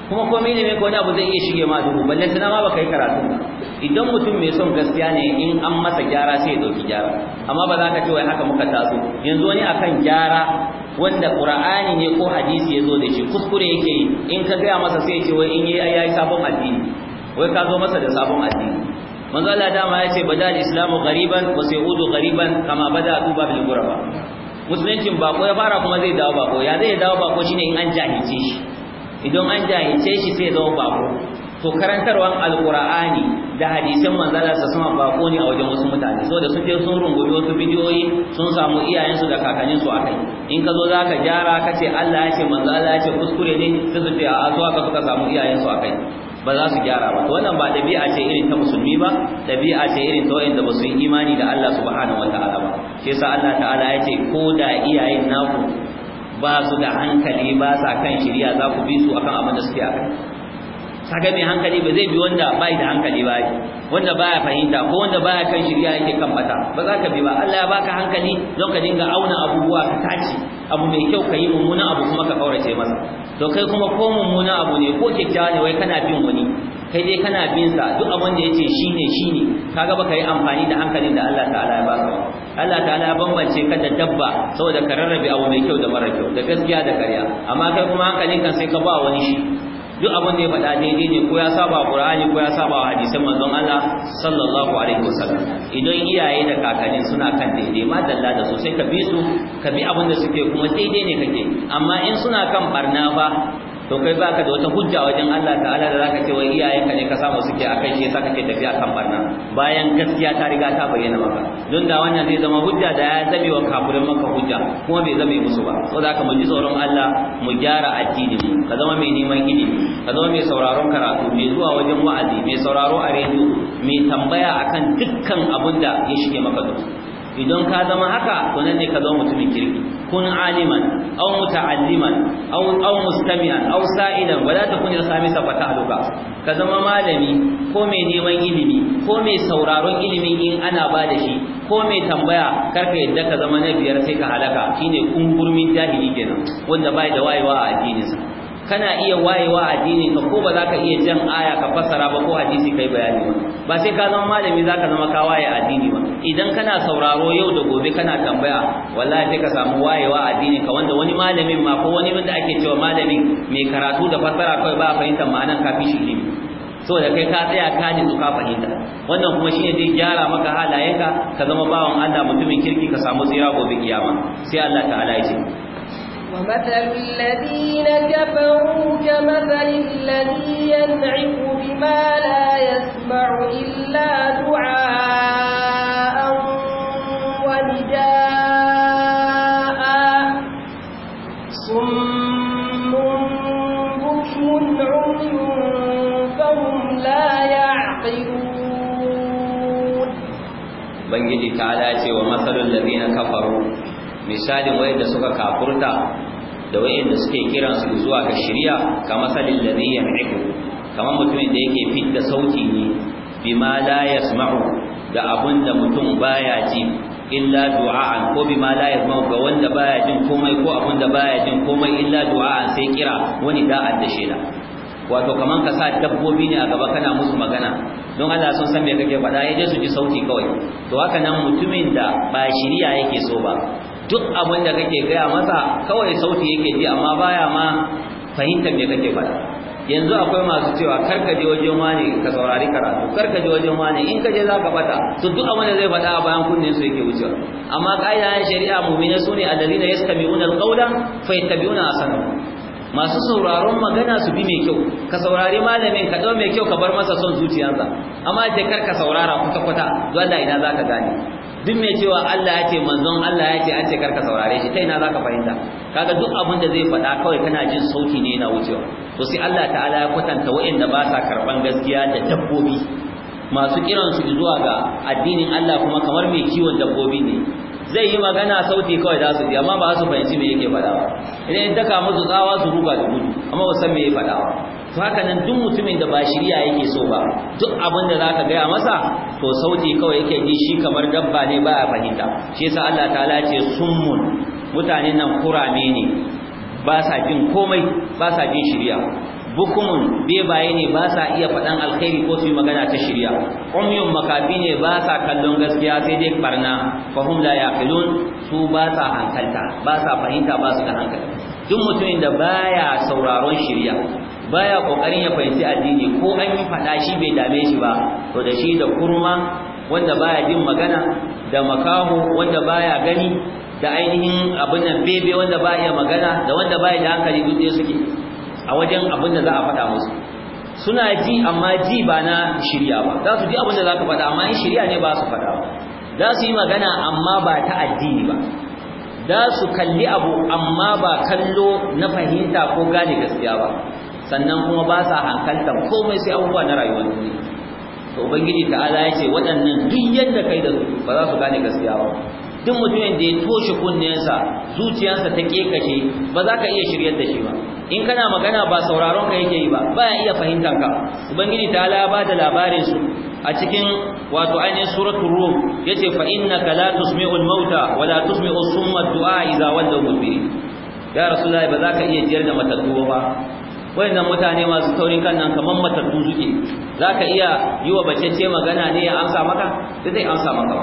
kuma komai ne mai wani abu zai iya shige ma duhu balle tana ma baka yi karatu idan mutum mai son gaskiya ne in an masa gyara sai ya dauki gyara amma ba za ka ce wai haka muka taso yanzu wani akan gyara wanda qur'ani ne ko hadisi ya zo da shi kuskure yake yi in ka gaya masa sai ya ce wai in yi yayi sabon addini wai ka zo masa da sabon addini manzo Allah dama ya ce bada islamu ghariban wa sayudu ghariban kama bada tuba bil ghuraba musuluncin bako ya fara kuma zai dawo bako ya zai dawo bako shine in an jahilce shi idan an jahilce shi sai zama bako to karantarwan alqur'ani da hadisan manzala sa sama bako ne a wajen wasu mutane saboda su je sun rungumi wasu bidiyoyi sun samu iyayen su da kakannin su akai in ka zo zaka jara, ka ce Allah ya ce manzala ya ce kuskure ne sai su ce a so ka suka samu iyayen su akai ba za su gyara ba wannan ba dabi'a ce irin ta musulmi ba dabi'a ce irin ta wanda ba su yi imani da Allah subhanahu wataala ba shi yasa Allah ta'ala ya ce ko da iyayen naku ba su da hankali ba sa kan shirya za ku bi su akan abin da suke a kai kaga mai hankali ba zai bi wanda bai da hankali ba wanda ba ya fahimta ko wanda ba ya kan shirya yake kan bata ba za ka bi ba Allah ya baka hankali don ka dinga auna abubuwa ka tace abu mai kyau ka yi mummunan abu kuma ka kaurace masa to kai kuma ko mummunan abu ne ko kyakkyawa ne wai kana bin wani kai dai kana bin sa duk abin da yace shine shine kaga ka yi amfani da hankalin da Allah ta'ala ya baka ba Allah ta'ala ya bambance ka da dabba saboda ka rarrabe abu mai kyau da mara kyau da gaskiya da karya amma kai kuma hankalin kan sai ka ba wani shi duk abin da ya faɗa daidai ne ko ya saba Qur'ani ko ya saba hadisan manzon Allah sallallahu alaihi wasallam idan iyaye da kakanni suna kan daidai ma dalla da su sai ka bi su ka bi abin da suke kuma daidai ne kake amma in suna kan barna ba. to kai baka da wata hujja wajen Allah ta'ala da zaka ce wai iyayenka ne ka samu suke akai shi yasa kake tafiya kan barna bayan gaskiya ta riga ta bayyana maka don da wannan zai zama hujja da ya zabe wa kafirin maka hujja kuma bai zame musu ba saboda haka mun ji tsoron Allah mu gyara addini ka zama mai neman ilimi ka zama mai sauraron karatu mai zuwa wajen wa'azi mai sauraro a rediyo mai tambaya akan dukkan abin da ya shige maka duk idan ka zama haka to nan ne ka zama mutumin kirki kun aliman aw muta'alliman aw aw mustami'an aw sa'ilan wala takun yasamisa aluka ka zama malami ko mai neman ilimi ko mai sauraron ilimi in ana ba da shi ko mai tambaya karka yadda ka zama na biyar sai ka halaka shine kungurmin jahili kenan wanda bai da wayewa a addininsa kana iya wayewa a addinin ka ko ba za ka iya jan aya ka fassara ba ko hadisi kai bayani ba ba sai ka zama malami zaka zama ka waye addini ba idan kana sauraro yau da gobe kana tambaya wallahi sai ka samu wayewa addini ka wanda wani malamin ma ko wani wanda ake cewa malamin mai karatu da fassara kai ba fahimta ma'anar kafin shi ilimi saboda kai ka tsaya ka ji ka fahimta wannan kuma shine zai gyara maka halayenka ka zama bawan Allah mutumin kirki ka samu tsira gobe kiyama sai Allah ta'ala ya ce ومثل الذين كفروا كمثل الذي ينعق بما لا يسمع إلا دعاء ونداء صم بكم عمي فهم لا يعقلون بنجد تعالى ومثل الذين كفروا misalin wayanda suka kafurta da da suke kiran su zuwa ga shari'a da salil ladhi yan'iku Kama mutumin da yake fitta sauti ne bima la yasma'u da abunda mutum baya ji illa du'a'an ko bima la yasma'u ga wanda baya jin komai ko abunda baya jin komai illa du'a'an sai kira wani da'an da shela wato kaman ka sa dabbobi ne a gaba kana musu magana don Allah sun san me kake faɗa ya je su ji sauti kawai to haka nan mutumin da ba shiriya yake so ba duk abin da kake gaya masa kawai sauti yake ji amma baya ma fahimtar me kake faɗa yanzu akwai masu cewa kar ka je wajen wani ka saurari karatu kar ka je wajen wani in ka je za ka bata to duk abin da zai faɗa a bayan kunne su yake wucewa amma ƙa'ida shari'a mu'mina sune alladhina yastami'una alqawla yattabi'una ahsanahu masu sauraron magana su bi mai kyau ka saurari malamin ka dau mai kyau ka bar masa son zuciyarsa amma da kar saurara kwata kwata dole ina zaka gane duk mai cewa Allah ya ce manzon Allah ya ce an ce karka saurare shi kai na zaka fahimta kaga duk abin da zai faɗa kawai kana jin sauti ne na wucewa to sai Allah ta'ala ya kwatanta waɗanda ba sa karban gaskiya da dabbobi masu kiran su zuwa ga addinin Allah kuma kamar mai kiwon dabbobi ne zai yi magana sauti kawai za su ji amma ba su fahimci me yake faɗawa. idan in daka musu tsawa su ruga da gudu amma ba san me yake faɗawa. to haka nan duk mutumin da ba shiriya yake so ba duk abin da zaka gaya masa to sauti kawai yake ji shi kamar dabba ne baya fahimta shi yasa Allah ta'ala ce summun mutanen nan kurame ne ba sa jin komai ba sa jin shiriya bukumun bebaye ne ba sa iya faɗan alkhairi ko su yi magana ta shirya umyun makafi ne ba sa kallon gaskiya sai dai barna fahum la yaqilun su ba sa hankalta ba sa fahimta ba su da hankali duk mutumin da baya sauraron shirya baya kokarin ya fahimci addini ko an yi fada shi bai dame shi ba to da shi da kurma wanda baya jin magana da makaho wanda baya gani da ainihin abin nan bebe wanda baya magana da wanda baya da hankali duk suke a wajen abin da za a faɗa musu suna ji amma ji ba na shirya ba za su ji abin da za ka faɗa amma in shirya ne ba su faɗa ba za su yi magana amma ba ta addini ba da su kalli abu amma ba kallo na fahimta ko gane gaskiya ba sannan kuma ba sa hankaltar komai sai abubuwa na rayuwar duniya to ubangiji ta'ala ya ce waɗannan duk yadda kai da su ba za su gane gaskiya ba duk mutumin da ya toshe kunnensa zuciyarsa ta kekace ba za ka iya shiryar da shi ba in kana magana ba sauraron ka yake yi ba baya iya fahimtar ka ubangiji ta ala ba da labarin su a cikin wato ainihin suratul rum yace fa innaka la tusmi'ul mauta wa la tusmi'us summa du'a idza wallaw mudbirin ya rasulullahi ba za ka iya jiyar da matattu ba wayannan mutane masu taurin kan nan kaman matattu suke za ka iya yi wa bacece magana ne ya amsa maka da zai amsa maka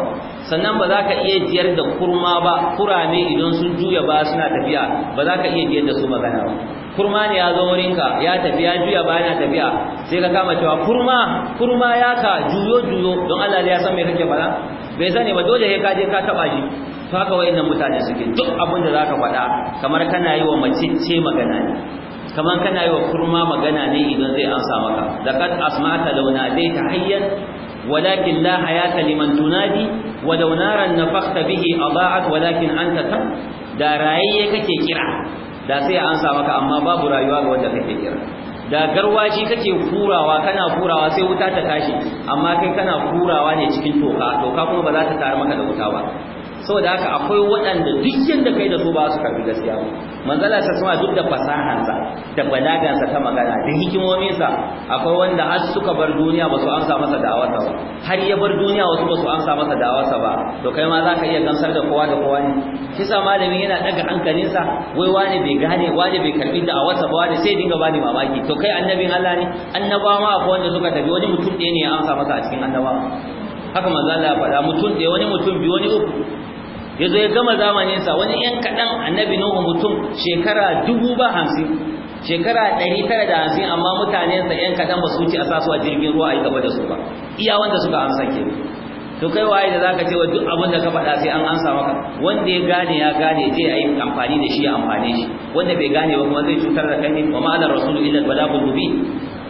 sannan ba za ka iya jiyar da kurma ba kurame idan sun juya ba suna tafiya ba za ka iya jiyar da su magana ba kurma ne ya zo wurinka ya tafi ya juya ba yana tafiya sai ka kama cewa kurma kurma ya ka juyo juyo don Allah ya san me kake fara bai sani ba dole ka je ka taba shi to haka wayannan mutane suke duk abin da zaka faɗa kamar kana yi wa macicce magana ne kamar kana yi wa kurma magana ne idan zai amsa maka laqad asma'ta launa dayta hayyan la hayata liman tunadi wa ولو نارا نفخت به أضاعت ولكن ta, da raye kake kira. da sai an sa maka amma babu rayuwa ga wanda kake kira da garwashi kake furawa kana furawa sai wuta ta tashi amma kai kana furawa ne cikin toka toka kuma ba za ta tare maka da wuta ba saboda haka akwai waɗanda duk yadda kai da su ba su karbi gaskiya manzala ta sama duk da fasahansa da balagansa ta magana da hikimominsa akwai wanda har suka bar duniya ba su amsa masa da'awarsa ba har ya bar duniya wasu ba su amsa masa da'awarsa ba to kai ma za ka iya gamsar da kowa da kowa ne kisa malami yana daga hankalinsa wai wani bai gane wani bai karbi da'awarsa ba wani sai dinga bani mamaki to kai annabin Allah ne annabawa ma akwai wanda suka tafi wani mutum ɗaya ne ya amsa masa a cikin annabawa haka manzala ya faɗa mutum ɗaya wani mutum biyu wani uku ya zo ya gama zamanin sa wani yan kaɗan annabi nuhu mutum shekara dubu ba hamsin shekara ɗari tara da hamsin amma mutanensa yan kaɗan ba su wuce a sasuwa jirgin ruwa a yi gaba da su ba iya wanda suka amsa ke to kai waye da zaka ce wa duk abin da ka faɗa sai an ansa maka wanda ya gane ya gane je ayi amfani da shi ya amfane shi wanda bai gane ba kuma zai cutar da kai ne wa ma'ana rasulu illa balagul mubin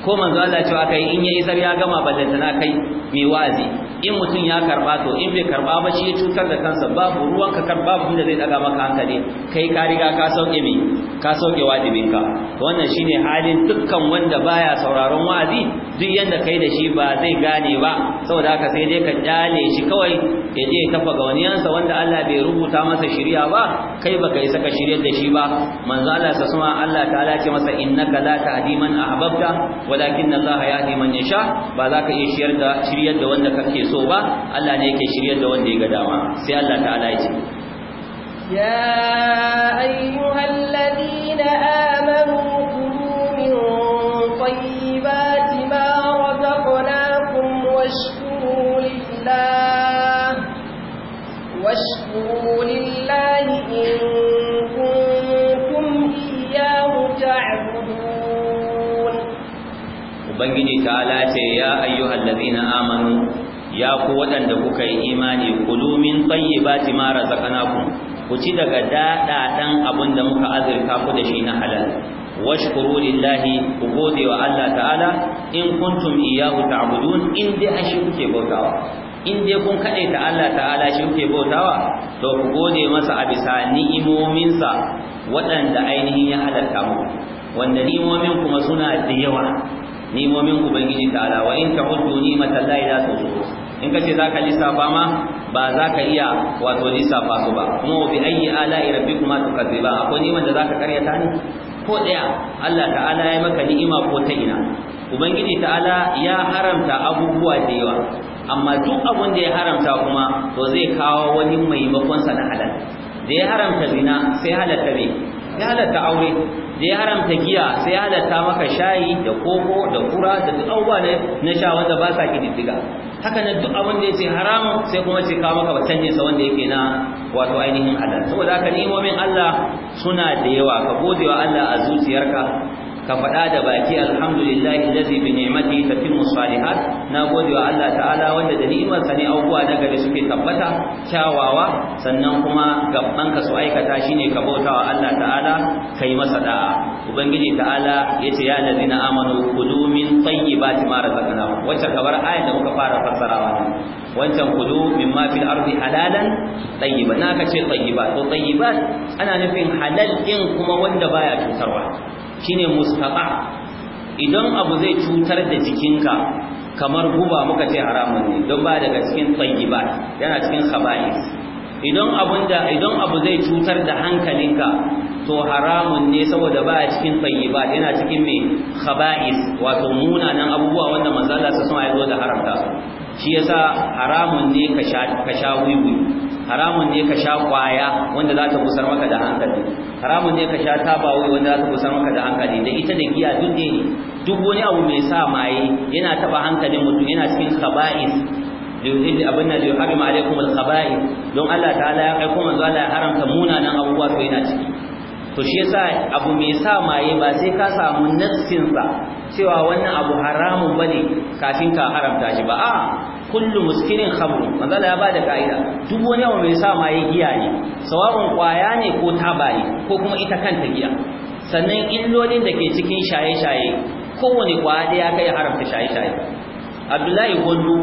ko manzo Allah cewa kai in yayi zar ya gama ballantana kai mai wazi in mutun ya karba to in bai karba ba shi ya cutar da kansa babu ruwan ka karba babu da zai daga maka hankali kai ka riga ka sauke mi ka sauke wajibin ka wannan shine halin dukkan wanda baya sauraron wazi duk yanda kai da shi ba zai gane ba saboda haka sai dai ka dale shi kawai ya je tafa ga yansa wanda Allah bai rubuta masa shirya ba kai baka isa ka shiryar da shi ba manzo Allah sa Allah ta'ala ce masa innaka la ta'diman man ahbabta walakin Allah ya hadi man yasha ba za ka iya shiryar da shiryar da wanda kake so ba Allah ne yake shiryar da wanda ya ga dama sai Allah ta'ala ya ce ya ayyuhalladhina amanu kulu min tayyibati ma razaqnakum washkuru lillah washkuru ubangiji ta'ala ce ya ayyuhal ladina amanu ya ku waɗanda kuka yi imani kulu ba tayyibati mara razaqnakum ku ci daga dadadan da muka azurta ku da shi na halal washkuru lillahi ku gode wa Allah ta'ala in kuntum iyyahu ta'budun in dai ashi kuke bautawa in dai kun kaɗai ta Allah ta'ala shi kuke bautawa to ku gode masa a bisa ni'imominsa waɗanda ainihin ya halatta mu wanda ni'imomin kuma suna da yawa nimomin ubangiji ta'ala wa in ta'uddu ni'matallahi la tuhsuha in kace zaka lissafa ma ba za ka iya wato lissafa su ba kuma bi ayyi ala'i rabbikuma tukazziba akwai niman da zaka karyata ne ko daya Allah ta'ala ya maka ni'ima ko ta ina ubangiji ta'ala ya haramta abubuwa da yawa amma duk abun da ya haramta kuma to zai kawo wani maimakon sa na halal da ya haramta zina sai halatta ne sai halatta aure da ya haramta giya sai ya halatta maka shayi da koko da kura da duk abubuwa na sha wanda ba sa kididdiga haka nan duk abin da ya ce haramun sai kuma ce kawo maka canje sa wanda yake na wato ainihin halal saboda haka ni'imomin Allah suna da yawa ka gode wa Allah a zuciyarka ka faɗa da baki alhamdulillahi allazi bi salihat nagode wa Allah ta'ala wanda da ni'imar sa ne abubuwa na gari suke tabbata kyawawa sannan kuma gaban ka su aikata shine ka bauta wa Allah ta'ala kai masa da'a ubangiji ta'ala yace ya allazina amanu kulu min tayyibati ma razaqnakum wacce kabar ayat da muka fara fassarawa wancan kudu mimma fil ardi halalan tayyiban na ka ce tayyiba to tayyibat ana nufin halal din kuma wanda baya cutarwa shine mustafa idan abu zai cutar da jikinka kamar guba muka ce haramun ne don ba daga cikin tayyiba yana cikin khaba'is idan abun idan abu zai cutar da hankalinka to haramun ne saboda ba cikin tayyiba yana cikin mai khaba'is wato munanan abubuwa wanda manzo Allah sallallahu alaihi ya zo da haramta shi yasa haramun ne ka sha ka sha wiwi haramun ne ka sha kwaya wanda za ta kusar maka da hankali haramun ne ka sha tabawai wanda za ta kusar maka da hankali da ita da giya duk ne duk wani abu mai sa maye yana taba hankalin mutum yana cikin khaba'is liyuhil abin nan liyuharim alaikum alkhaba'is don Allah ta'ala ya kai kuma zuwa ya haramta munanan abubuwa to yana ciki to shi yasa abu mai sa maye ba sai ka samu nassin sa cewa wannan abu haramun bane kafin ka haramta shi ba a'a kullu muskinin khamr manzala ya bada kaida duk wani abu mai sa ma yayi giya ne sawa'un kwaya ne ko tabaye ko kuma ita kanta giya sannan illolin da ke cikin shaye-shaye kowane kwaya ya kai haramta shaye-shaye abdullahi gondu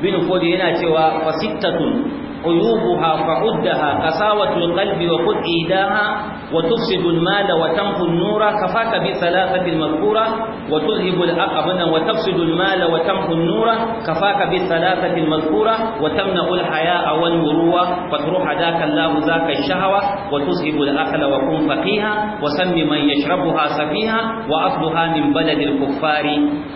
bin kodi yana cewa fasittatun عيوبها فعدها قساوة القلب وخذ إيداها وتفسد المال وتنفو النور كفاك بالثلاثة المذكورة وتذهب الأقبن وتفسد المال وتنفو النور كفاك بالثلاثة المذكورة وتمنع الحياء والمروة فتروح ذاك الله ذاك الشهوة وتذهب الأكل وكن فقيها وسم من يشربها سفيها وأصلها من بلد الكفار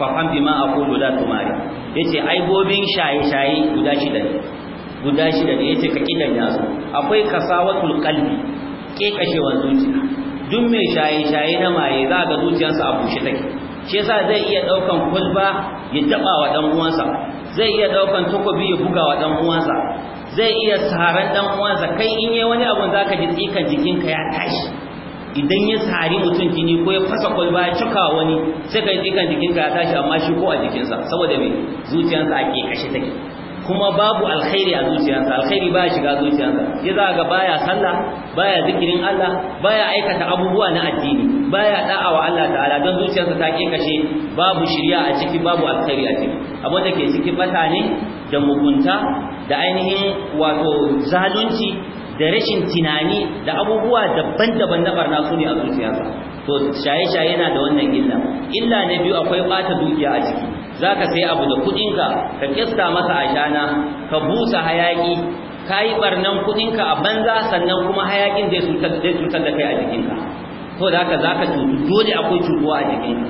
ففهم بما أقول لا تماري يتي أيبوبين شاي شاي ودا شدني guda shida da ce ka ya su akwai kasawatul qalbi kekashewar zuciya duk mai shaye shaye na maye za ga zuciyarsa a bushe take shi yasa zai iya daukan kulba ya daba wa dan uwansa zai iya daukan takobi ya buga wa dan uwansa zai iya saran dan uwansa kai in yayi wani abu zaka ji tsikan jikinka ya tashi idan ya sari mutum jini ko ya fasa kwalba ya cika wani sai kai tsikan jikinka ya tashi amma shi ko a jikinsa saboda me zuciyarsa a ke kashe take kuma babu alkhairi a zuciyarsa alkhairi baya shiga zuciyarsa ya za ga baya sallah baya zikirin Allah baya aikata abubuwa na addini baya wa Allah ta'ala don zuciyarsa ta ke kashe babu shirya a ciki babu alkhairi a ciki abin da ke ciki bata ne da mugunta da ainihin wato zalunci da rashin tunani da abubuwa daban-daban na barna su ne a zuciyarsa to shaye-shaye yana da wannan illa illa na biyu akwai bata dukiya a ciki zaka sai abu da kudinka ka kista masa ashana ka busa hayaki kai barnan kudinka a banza sannan kuma hayakin zai cutar zai cutar da kai a jikinka to da haka zaka cutu dole akwai cutuwa a jikinka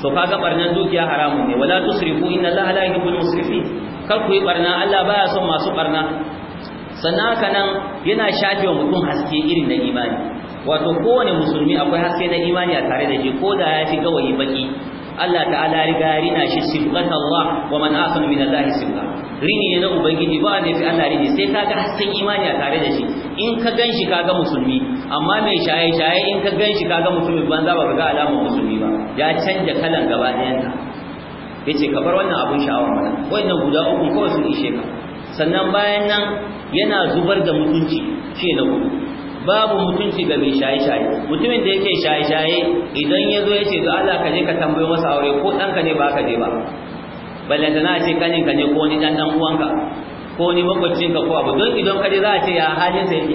so kaga barnan dukiya haramun ne wala tusrifu inna allaha la yuhibbul musrifin kar ku yi barna Allah baya son masu barna sannan haka nan yana shafe wa mutum haske irin na imani wato kowane musulmi akwai haske na imani a tare da shi ko da ya fi gawayi baki Allah ta'ala riga rina shi sibqat Allah wa man ahsana min Allah sibqa rini ne na ubangiji ba ne fi Allah rini sai kaga hasken imani a tare da shi in ka ganshi kaga musulmi amma mai shaye shaye in ka ganshi ga musulmi ban za ba ga alamar musulmi ba ya canja kalan gaba ɗayan ta yace ka bar wannan abun sha'awa mana wannan guda uku kawai sun ishe ka sannan bayan nan yana zubar da mutunci ce na gudu babu mutunci ga mai shaye-shaye mutumin da yake shaye-shaye idan ya zo ya ce Allah ka je ka tambayo masa aure ko ɗanka ne ba ka je ba ballantana a ce kanin ka ne ko ni ɗan uwanka ko ni makwacin ka ko abu don idan ka je za a ce ya halin sa yake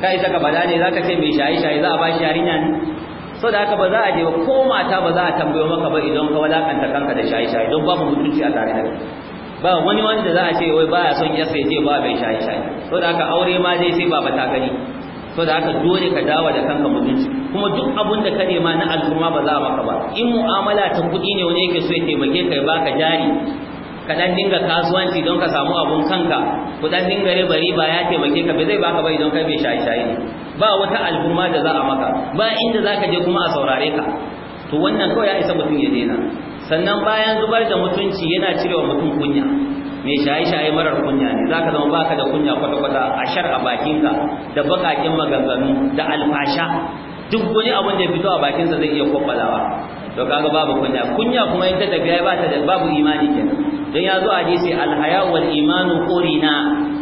kai ta ka bada ne za ka ce mai shaye-shaye za a bashi yarinya ne so da haka ba za a je ba ko mata ba za a tambayo maka ba idan ka walakanta kanka da shaye-shaye don babu mutunci a tare da kai ba wani wanda za a ce wai baya son yasa ya ce ba bai shaye shaye to da haka aure ma dai sai ba ta gani to da haka dole ka dawo da kanka mutunci kuma duk abun da ka nema na al'umma ba za a maka ba in mu'amala ta kuɗi ne wani yake so ya taimake ka ya baka jari ka dan dinga kasuwanci don ka samu abun kanka ku dan dinga riba riba ya taimake ka ba zai baka ba idan kai mai shaye shaye ne ba wata al'umma da za a maka ba inda zaka je kuma a saurare ka to wannan kawai ya isa mutum ya daina sannan bayan zubar da mutunci yana cirewa mutum kunya mai shaye-shaye marar kunya ne zaka zama baka da kunya kwata-kwata a shar a bakinka da bakakin maganganu da alfasha duk wani abin da ya fito a bakinsa zai iya kwakwalawa to kaga babu kunya kunya kuma in ta tafiya ba ta da babu imani kenan don ya zo a hadisi alhaya wal imanu qurina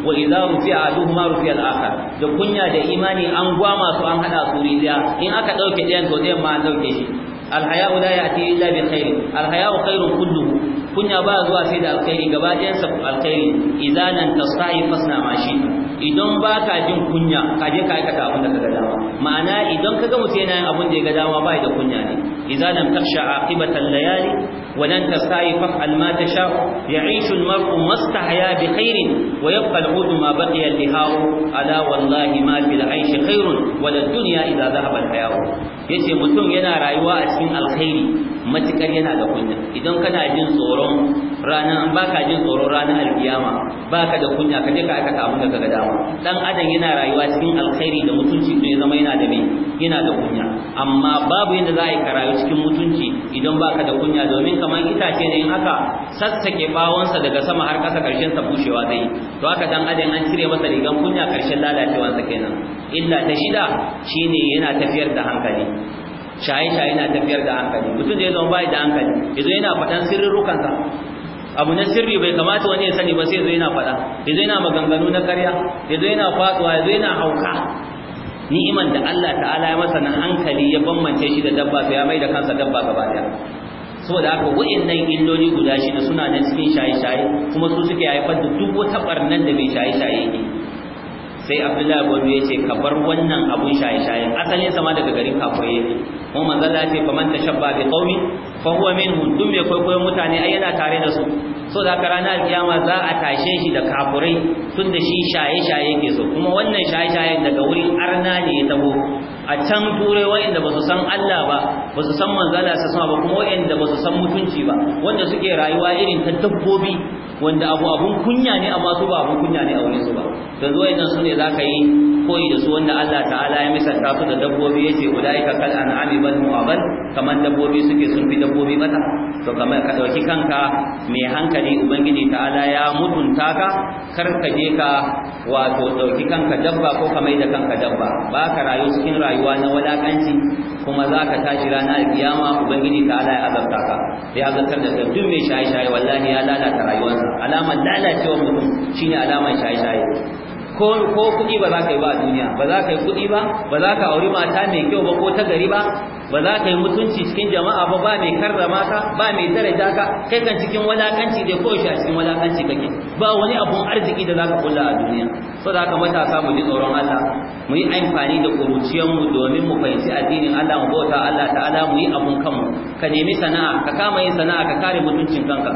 wa idza rufi'a aduhuma rufi'a al-akhar da kunya da imani an gwama su an hada su riya in aka dauke ɗayan to zai ma dauke shi alhaya la ya'ti illa bi khair alhaya khairun kulluhu kunya ba zuwa sai da alkhairi gaba ɗayan sa alkhairi idanan tasai fasna mashi idan ba ka jin kunya ka je ka aikata abin da ka ga dama ma'ana idan ka ga mutum yana yin abin da ya ga dama ba da kunya ne إذا لم تخشى عاقبة الليالي ولن تستعي فافعل ما تشاء يعيش المرء ما استحيا بخير ويبقى العود ما بقي اللهاء ألا والله ما في العيش خير ولا الدنيا إذا ذهب الحياء yace mutum yana rayuwa a cikin alkhairi matukar yana da kunya idan kana jin tsoron ranar baka jin tsoron ranar alkiyama baka da kunya kaje ka aikata abin da kaga dama dan adam yana rayuwa cikin alkhairi da mutunci ne zama yana da me yana da kunya amma babu yadda za a yi karayu cikin mutunci idan ba ka da kunya domin kamar itace ne in aka sassake bawonsa daga sama har ƙasa ƙarshen sa bushewa zai to haka dan adam an cire masa rigan kunya ƙarshen lalacewa sa kenan illa ta shida shine yana tafiyar da hankali shaye-shaye yana tafiyar da hankali mutum da zama bai da hankali yanzu yana faɗan sa abu na sirri bai kamata wani ya sani ba sai zai yana faɗa ya zai yana maganganu na ƙarya ya zai yana faɗuwa ya zai yana hauka ni'iman da Allah ta'ala ya masa na hankali ya bambance shi da dabba sai ya mai da kansa dabba gaba daya saboda haka wayannan illoli guda shi shida suna nan cikin shaye-shaye kuma su suke haifar da duk wata barnan da bai shaye-shaye ne sai Abdullahi Gwado ya ce ka bar wannan abun shaye shayi asalin sama daga garin kafoye ne kuma manzon Allah ya ce faman tashabba bi qaumi fa huwa minhum dum ya kwaikwayo mutane ai yana tare da su so da ka ranar alkiyama za a tashe shi da kafurai tun da shi shaye-shaye ke so kuma wannan shaye shaye daga wurin arna ne ya tabo a can turai wa'inda ba su san Allah ba ba su san manzala su sama ba kuma wa'inda ba su san mutunci ba wanda suke rayuwa irin ta dabbobi wanda abu abun kunya ne amma su ba abun kunya ne a wurin su ba yanzu wa'annan su ne zaka yi koyi da su wanda Allah ta'ala ya ta su da dabbobi yace ka kal an'ami bal mu'abal kamar dabbobi suke sun fi dabbobi mata to kamar ka dauki kanka mai hankali ubangiji ta'ala ya mutunta ka kar ka je ka wato dauki kanka dabba ko ka mai da kanka dabba ba ka rayu cikin rayuwa rayuwa na walakanci kuma za ka tashi rana da kiyama ubangiji ta ala ya azabta ka ya azabtar da duk mai shaye-shaye wallahi ya lalata rayuwarsa alamar lalacewa mutum shine alamar shaye-shaye ko ko kuɗi ba za ka yi ba a duniya ba za ka yi kuɗi ba ba za ka auri mata mai kyau ba ko ta gari ba ba za ka yi mutunci cikin jama'a ba ba mai karrama ka ba mai daraja ka kai kan cikin wadakanci dai ko shi a cikin wadakanci kake ba wani abun arziki da za ka kula a duniya so da haka matasa mu ji tsoron Allah mu yi amfani da kuruciyar mu domin mu fahimci addinin Allah mu bauta Allah ta'ala mu yi abun kanmu ka nemi sana'a ka kama yin sana'a ka kare mutuncin kanka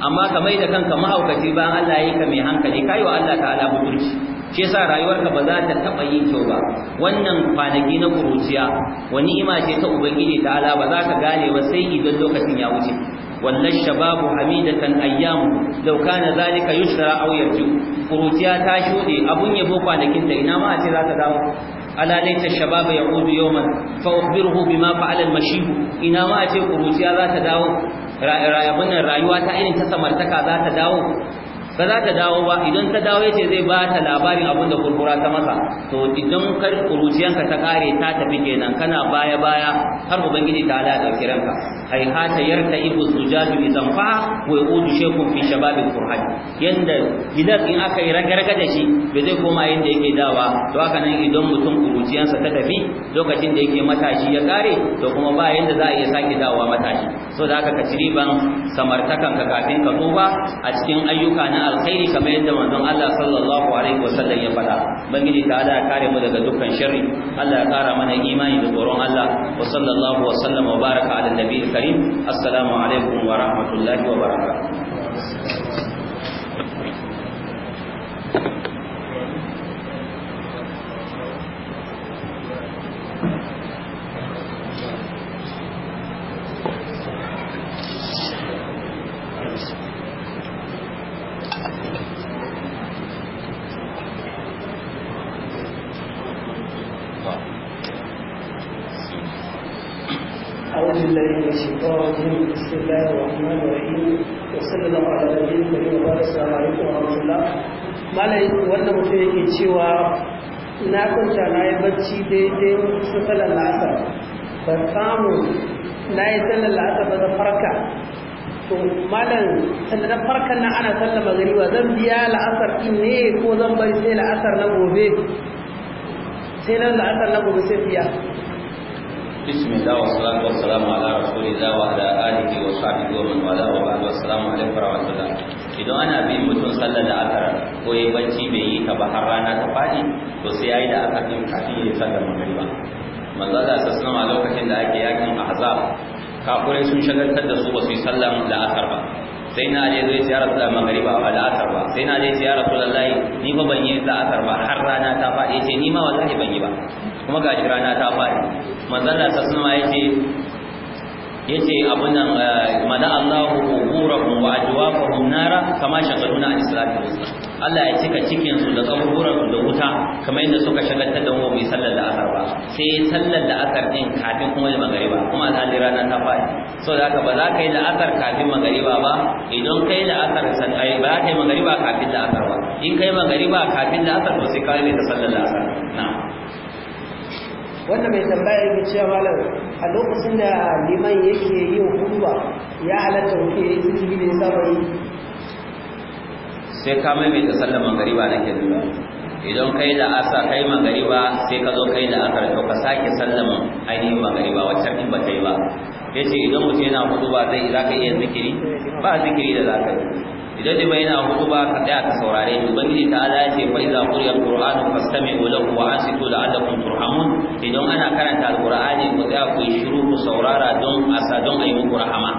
amma ka mai da kanka mahaukaci bayan Allah ya yi ka mai hankali kai wa Allah ta'ala butulci shi yasa rayuwarka ba za ta taba yi kyau ba wannan kwanaki na kuruciya wani ima ce ta ubangiji ta'ala ba za ka gane ba sai idan lokacin ya wuce Wannan shababu hamidatan ayyamu law kana zalika yushra aw yarju kuruciya ta shuɗe abun yabo kwanakin da ina ma a ce za ta dawo ألا fa الشباب bima fa'ala al بما ina ma a ce kuruciya za ta dawo? rayuwa ta irin ta samartaka za ta dawo ba za ta dawo ba idan ta dawo yace zai ba ta labarin abin da kurkura ta masa to idan kar kurujiyanka ta kare ta tafi kenan kana baya baya har ubangiji ta ala da kiranka ai hata yarta ibu sujadu idan fa wa yudu shaykhun fi shabab alquran yanda idan in aka yi ragarga da shi ba zai koma yanda yake dawa to haka nan idan mutum kurujiyansa ta tafi lokacin da yake matashi ya kare to kuma ba yanda za a iya sake dawowa matashi saboda haka ka ci samartakan samartakanka kafin ka tsufa a cikin ayyuka na alkhairi kamar yadda manzon Allah sallallahu alaihi wasallam ya faɗa bangiji ta Allah ya kare mu daga dukkan sharri Allah ya kara mana imani da tsoron Allah wa sallallahu wa sallama wa baraka ala karim assalamu alaikum wa rahmatullahi wa barakatuh da yake cewa na kwanta na yi bacci daidai su salar la'asar ban samu na yi salar la'asar ba da farka to malam sannan na farkan nan ana sallar magariwa zan biya la'asar in ne ko zan bari sai la'asar na gobe sai nan la'asar na gobe sai biya بسم الله والصلاة والسلام على رسول الله وعلى آله وصحبه ومن والاه وبعد والسلام عليكم ورحمة الله idan ana bin mutum sallar da aka ko yayi bacci bai yi ta ba har rana ta fadi to sai yayi da aka din kafin ya sallar magriba manzo da sassan a lokacin da ake yakin ahzab kafirai sun shagaltar da su ba su yi sallar da aka ba sai na je zai ziyara da magriba ba da aka ba sai na je ziyara rasulullahi ni ba ban yi da aka ba har rana ta fadi sai ni ma wallahi ban yi ba kuma gashi rana ta fadi manzo da sassan ma yace yace abun nan eh, mana Allahu quburahum wa ajwafahum nara kama shagaluna an salati Allah ya cika cikin su da kaburburan da wuta kamar yadda suka shagaltar da mu mai sallar da asar ba sai sallar da asar din kafin kuma da magariba kuma zali rana ta fadi so da haka ba za ka yi da asar kafin magariba ba idan kai da asar san ai ba za ka yi magariba kafin da asar ba in kai magariba kafin da asar to sai ka yi da sallar da asar na'am wanda mai tambaya yake cewa malam a lokacin da liman yake yin hutuba ya halatta muke yi zikiri da ya saba yi sai ka maimaita sallar magariba nake nuna idan kai da asa kai magariba sai ka zo kai da asar to ka sake sallar ainihin magariba wacce din ba kai ba yace idan mutum yana hutuba zai za ka iya zikiri ba zikiri da za ka yi jaji mai yana hutuba ka tsaya ka saurare ubangiji ta ala ce fa iza quriya alquran fastami'u lahu wa ansitu la'allakum turhamun idan ana karanta alqur'ani ku tsaya ku shiru ku saurara don asa don ayi muku rahama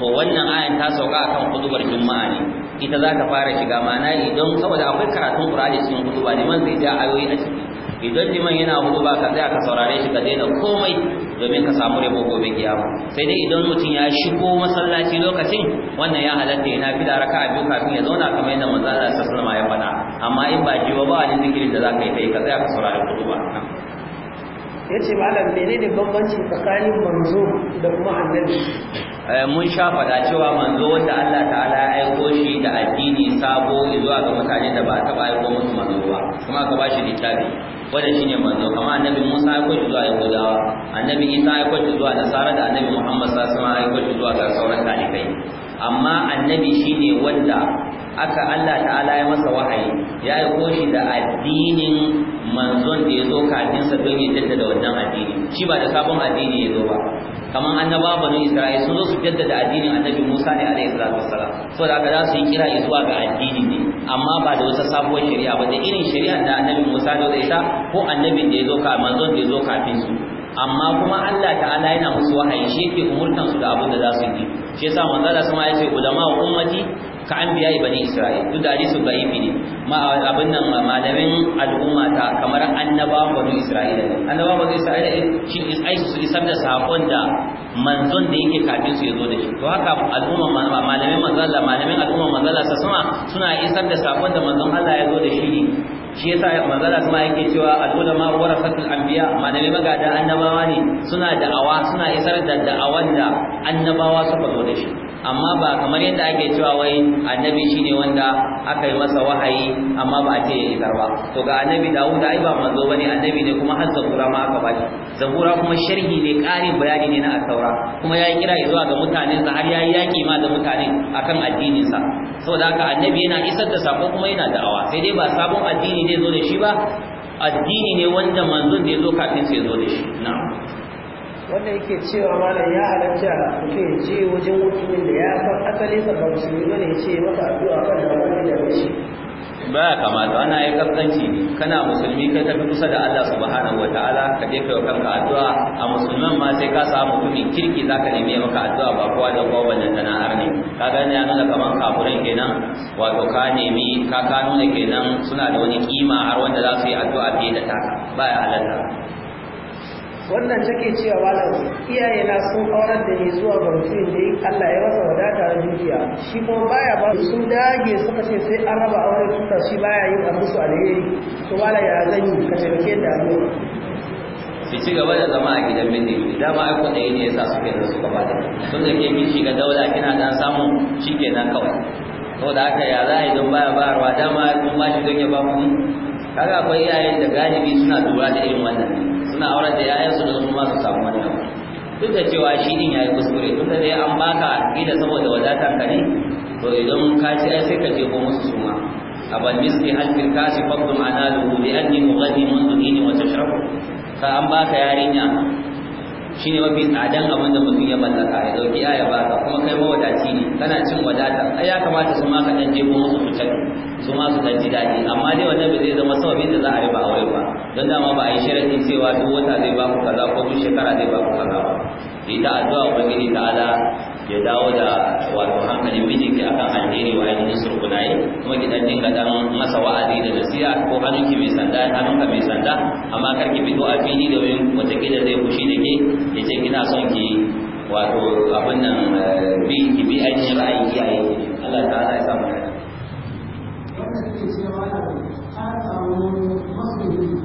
to wannan ayan ta sauka akan hudubar juma'a ne ita za ka fara shiga mana idan saboda akwai karatun qur'ani cikin hutuba ne man zai ja ayoyi a ciki idan liman yana hutuba ka tsaya ka saurare shi ka daina komai domin ka samu rabo gobe kiyama sai dai idan mutum ya shigo masallaci lokacin wannan ya halatta yana fida raka'a biyu kafin ya zauna kamar yadda manzo Allah sallallahu alaihi ya faɗa amma in ba jiwa ba wani zikirin da zaka yi kai ka tsaya ka saurari kutuba yace malam menene bambanci tsakanin manzo da kuma annabi eh, mun sha faɗa cewa manzo wanda Allah ta'ala ya aiko shi da addini sabo zuwa ga mutane da ba ta aiko musu manzo ba kuma ka bashi littafi wanda shine manzo amma annabi Musa ya kwaje zuwa Yahudawa annabi Isa ya kwaje zuwa Nasara da annabi Muhammad sallallahu alaihi wasallam ya kwaje zuwa ga sauran talibai amma annabi shine wanda aka Allah ta'ala ya masa wahayi ya yi koshi da addinin manzon da ya zo kafin sa don ya jaddada wannan addini shi ba da sabon addini ya zo ba kamar annaba banu isra'ila sun zo su jaddada addinin annabi Musa ne alaihi salatu wassalam saboda haka za su yi kira zuwa ga addinin amma ba da wata sabuwar shari'a ba da irin shari'a da annabi Musa da zai ta, ko annabin da ya zo kafin manzon da ya zo kafin su amma kuma Allah ta'ala yana musu wahayi shi yake umurtan su da abin da za su yi shi yasa manzo Allah sama ya ce ulama ummati ka an biya bani isra'il duk da hadisin da'ifi ne ma abin nan malamin al'umma ta kamar annaba bani isra'il annaba bani isra'il shi is aisu su isar da sakon da manzon da yake kafin su yazo da shi to haka al'umma malamin manzon malamin al'umma manzon sa sama suna isar da sakon da manzon Allah yazo da shi shi yasa manzon Allah sama yake cewa al'ulama warasatul anbiya malamin magada annabawa ne suna da'awa suna isar da da'awan da annabawa suka zo da shi amma ba kamar yadda ake cewa wai annabi shine wanda aka yi masa wahayi amma ba a ce ya yi zarba to ga annabi Dawud ai ba manzo bane annabi ne kuma har zabura ma aka bashi zabura kuma sharhi ne ƙarin bayani ne na asaura kuma yayi kira zuwa ga mutanen sa har yayi yaki ma da mutanen akan addinin sa saboda haka annabi yana isar da sako kuma yana da'awa sai dai ba sabon addini ne zo da shi ba addini ne wanda manzon da ya zo kafin sai zo da shi wanda yake cewa malam ya halatta mutum ya je wajen mutumin da ya san asali sa ba musulmi bane ya ce maka addu'a kan da wani da shi ba kamata ana yi kaskanci kana musulmi ka tafi kusa da Allah subhanahu wataala ka je kai kanka addu'a a musulman ma sai ka samu mutumin kirki zaka nemi maka addu'a ba kowa da kowa ballan sana'ar ne ka gani ne nuna kaman kafuran kenan wato ka nemi ka kanuna nuna kenan suna da wani kima har wanda za su yi addu'a fiye da taka ba ya halatta wannan take cewa malam iyaye na sun aurar da ni zuwa ga mutumin da Allah ya masa wadata da dukiya shi kuma baya ba sun dage suka ce sai an raba auren tuta shi baya yin abu su alheri to wala ya zan yi ka ke da addu'a shi ci gaba da zama a gidan miji dama ai kuɗi ne yasa suke da suka bada tun da ke miji ga daula kina dan samu shikenan kawai da haka ya za a yi don baya bayarwa dama kuma ba shi don ya ba kuɗi kaga akwai iyayen da galibi suna lura da irin wannan suna aure da yayansu da su ma su samu wannan duk da cewa shi din yayi kuskure tun da dai an baka gida saboda wadatar ka ne to idan ka ci ai sai ka je ko musu suma A misli hal fil kasi fadlum analuhu li anni mughanni mundu wa tashrabu ka an baka yarinya shi ne mafi tsadan abin da mutum ya mallaka ya dauki ya ya ka kuma kai mawadaci ne kana cin wadata ai ya kamata su ma ka dan jebo musu su ma su dan ji daɗi amma dai wannan ba zai zama sababin da za a riba aure ba don dama ba a yi sharadin cewa duk wata zai baku kaza ko duk shekara zai baku kaza ba ita addu'a ubangiji ta'ala ya dawo da wato hankali mijinki akan alheri wa ainihin surkunaye kuma ki dan dinga dan masa wa'azi da nasiha ko ki mai sanda hannunka mai sanda amma kar ki fito a fili wata kila zai fushi da ke ya ce kina son ki wato abin nan eh, bi ki bi ki a yi, Allah ta'ala ya sa mu dace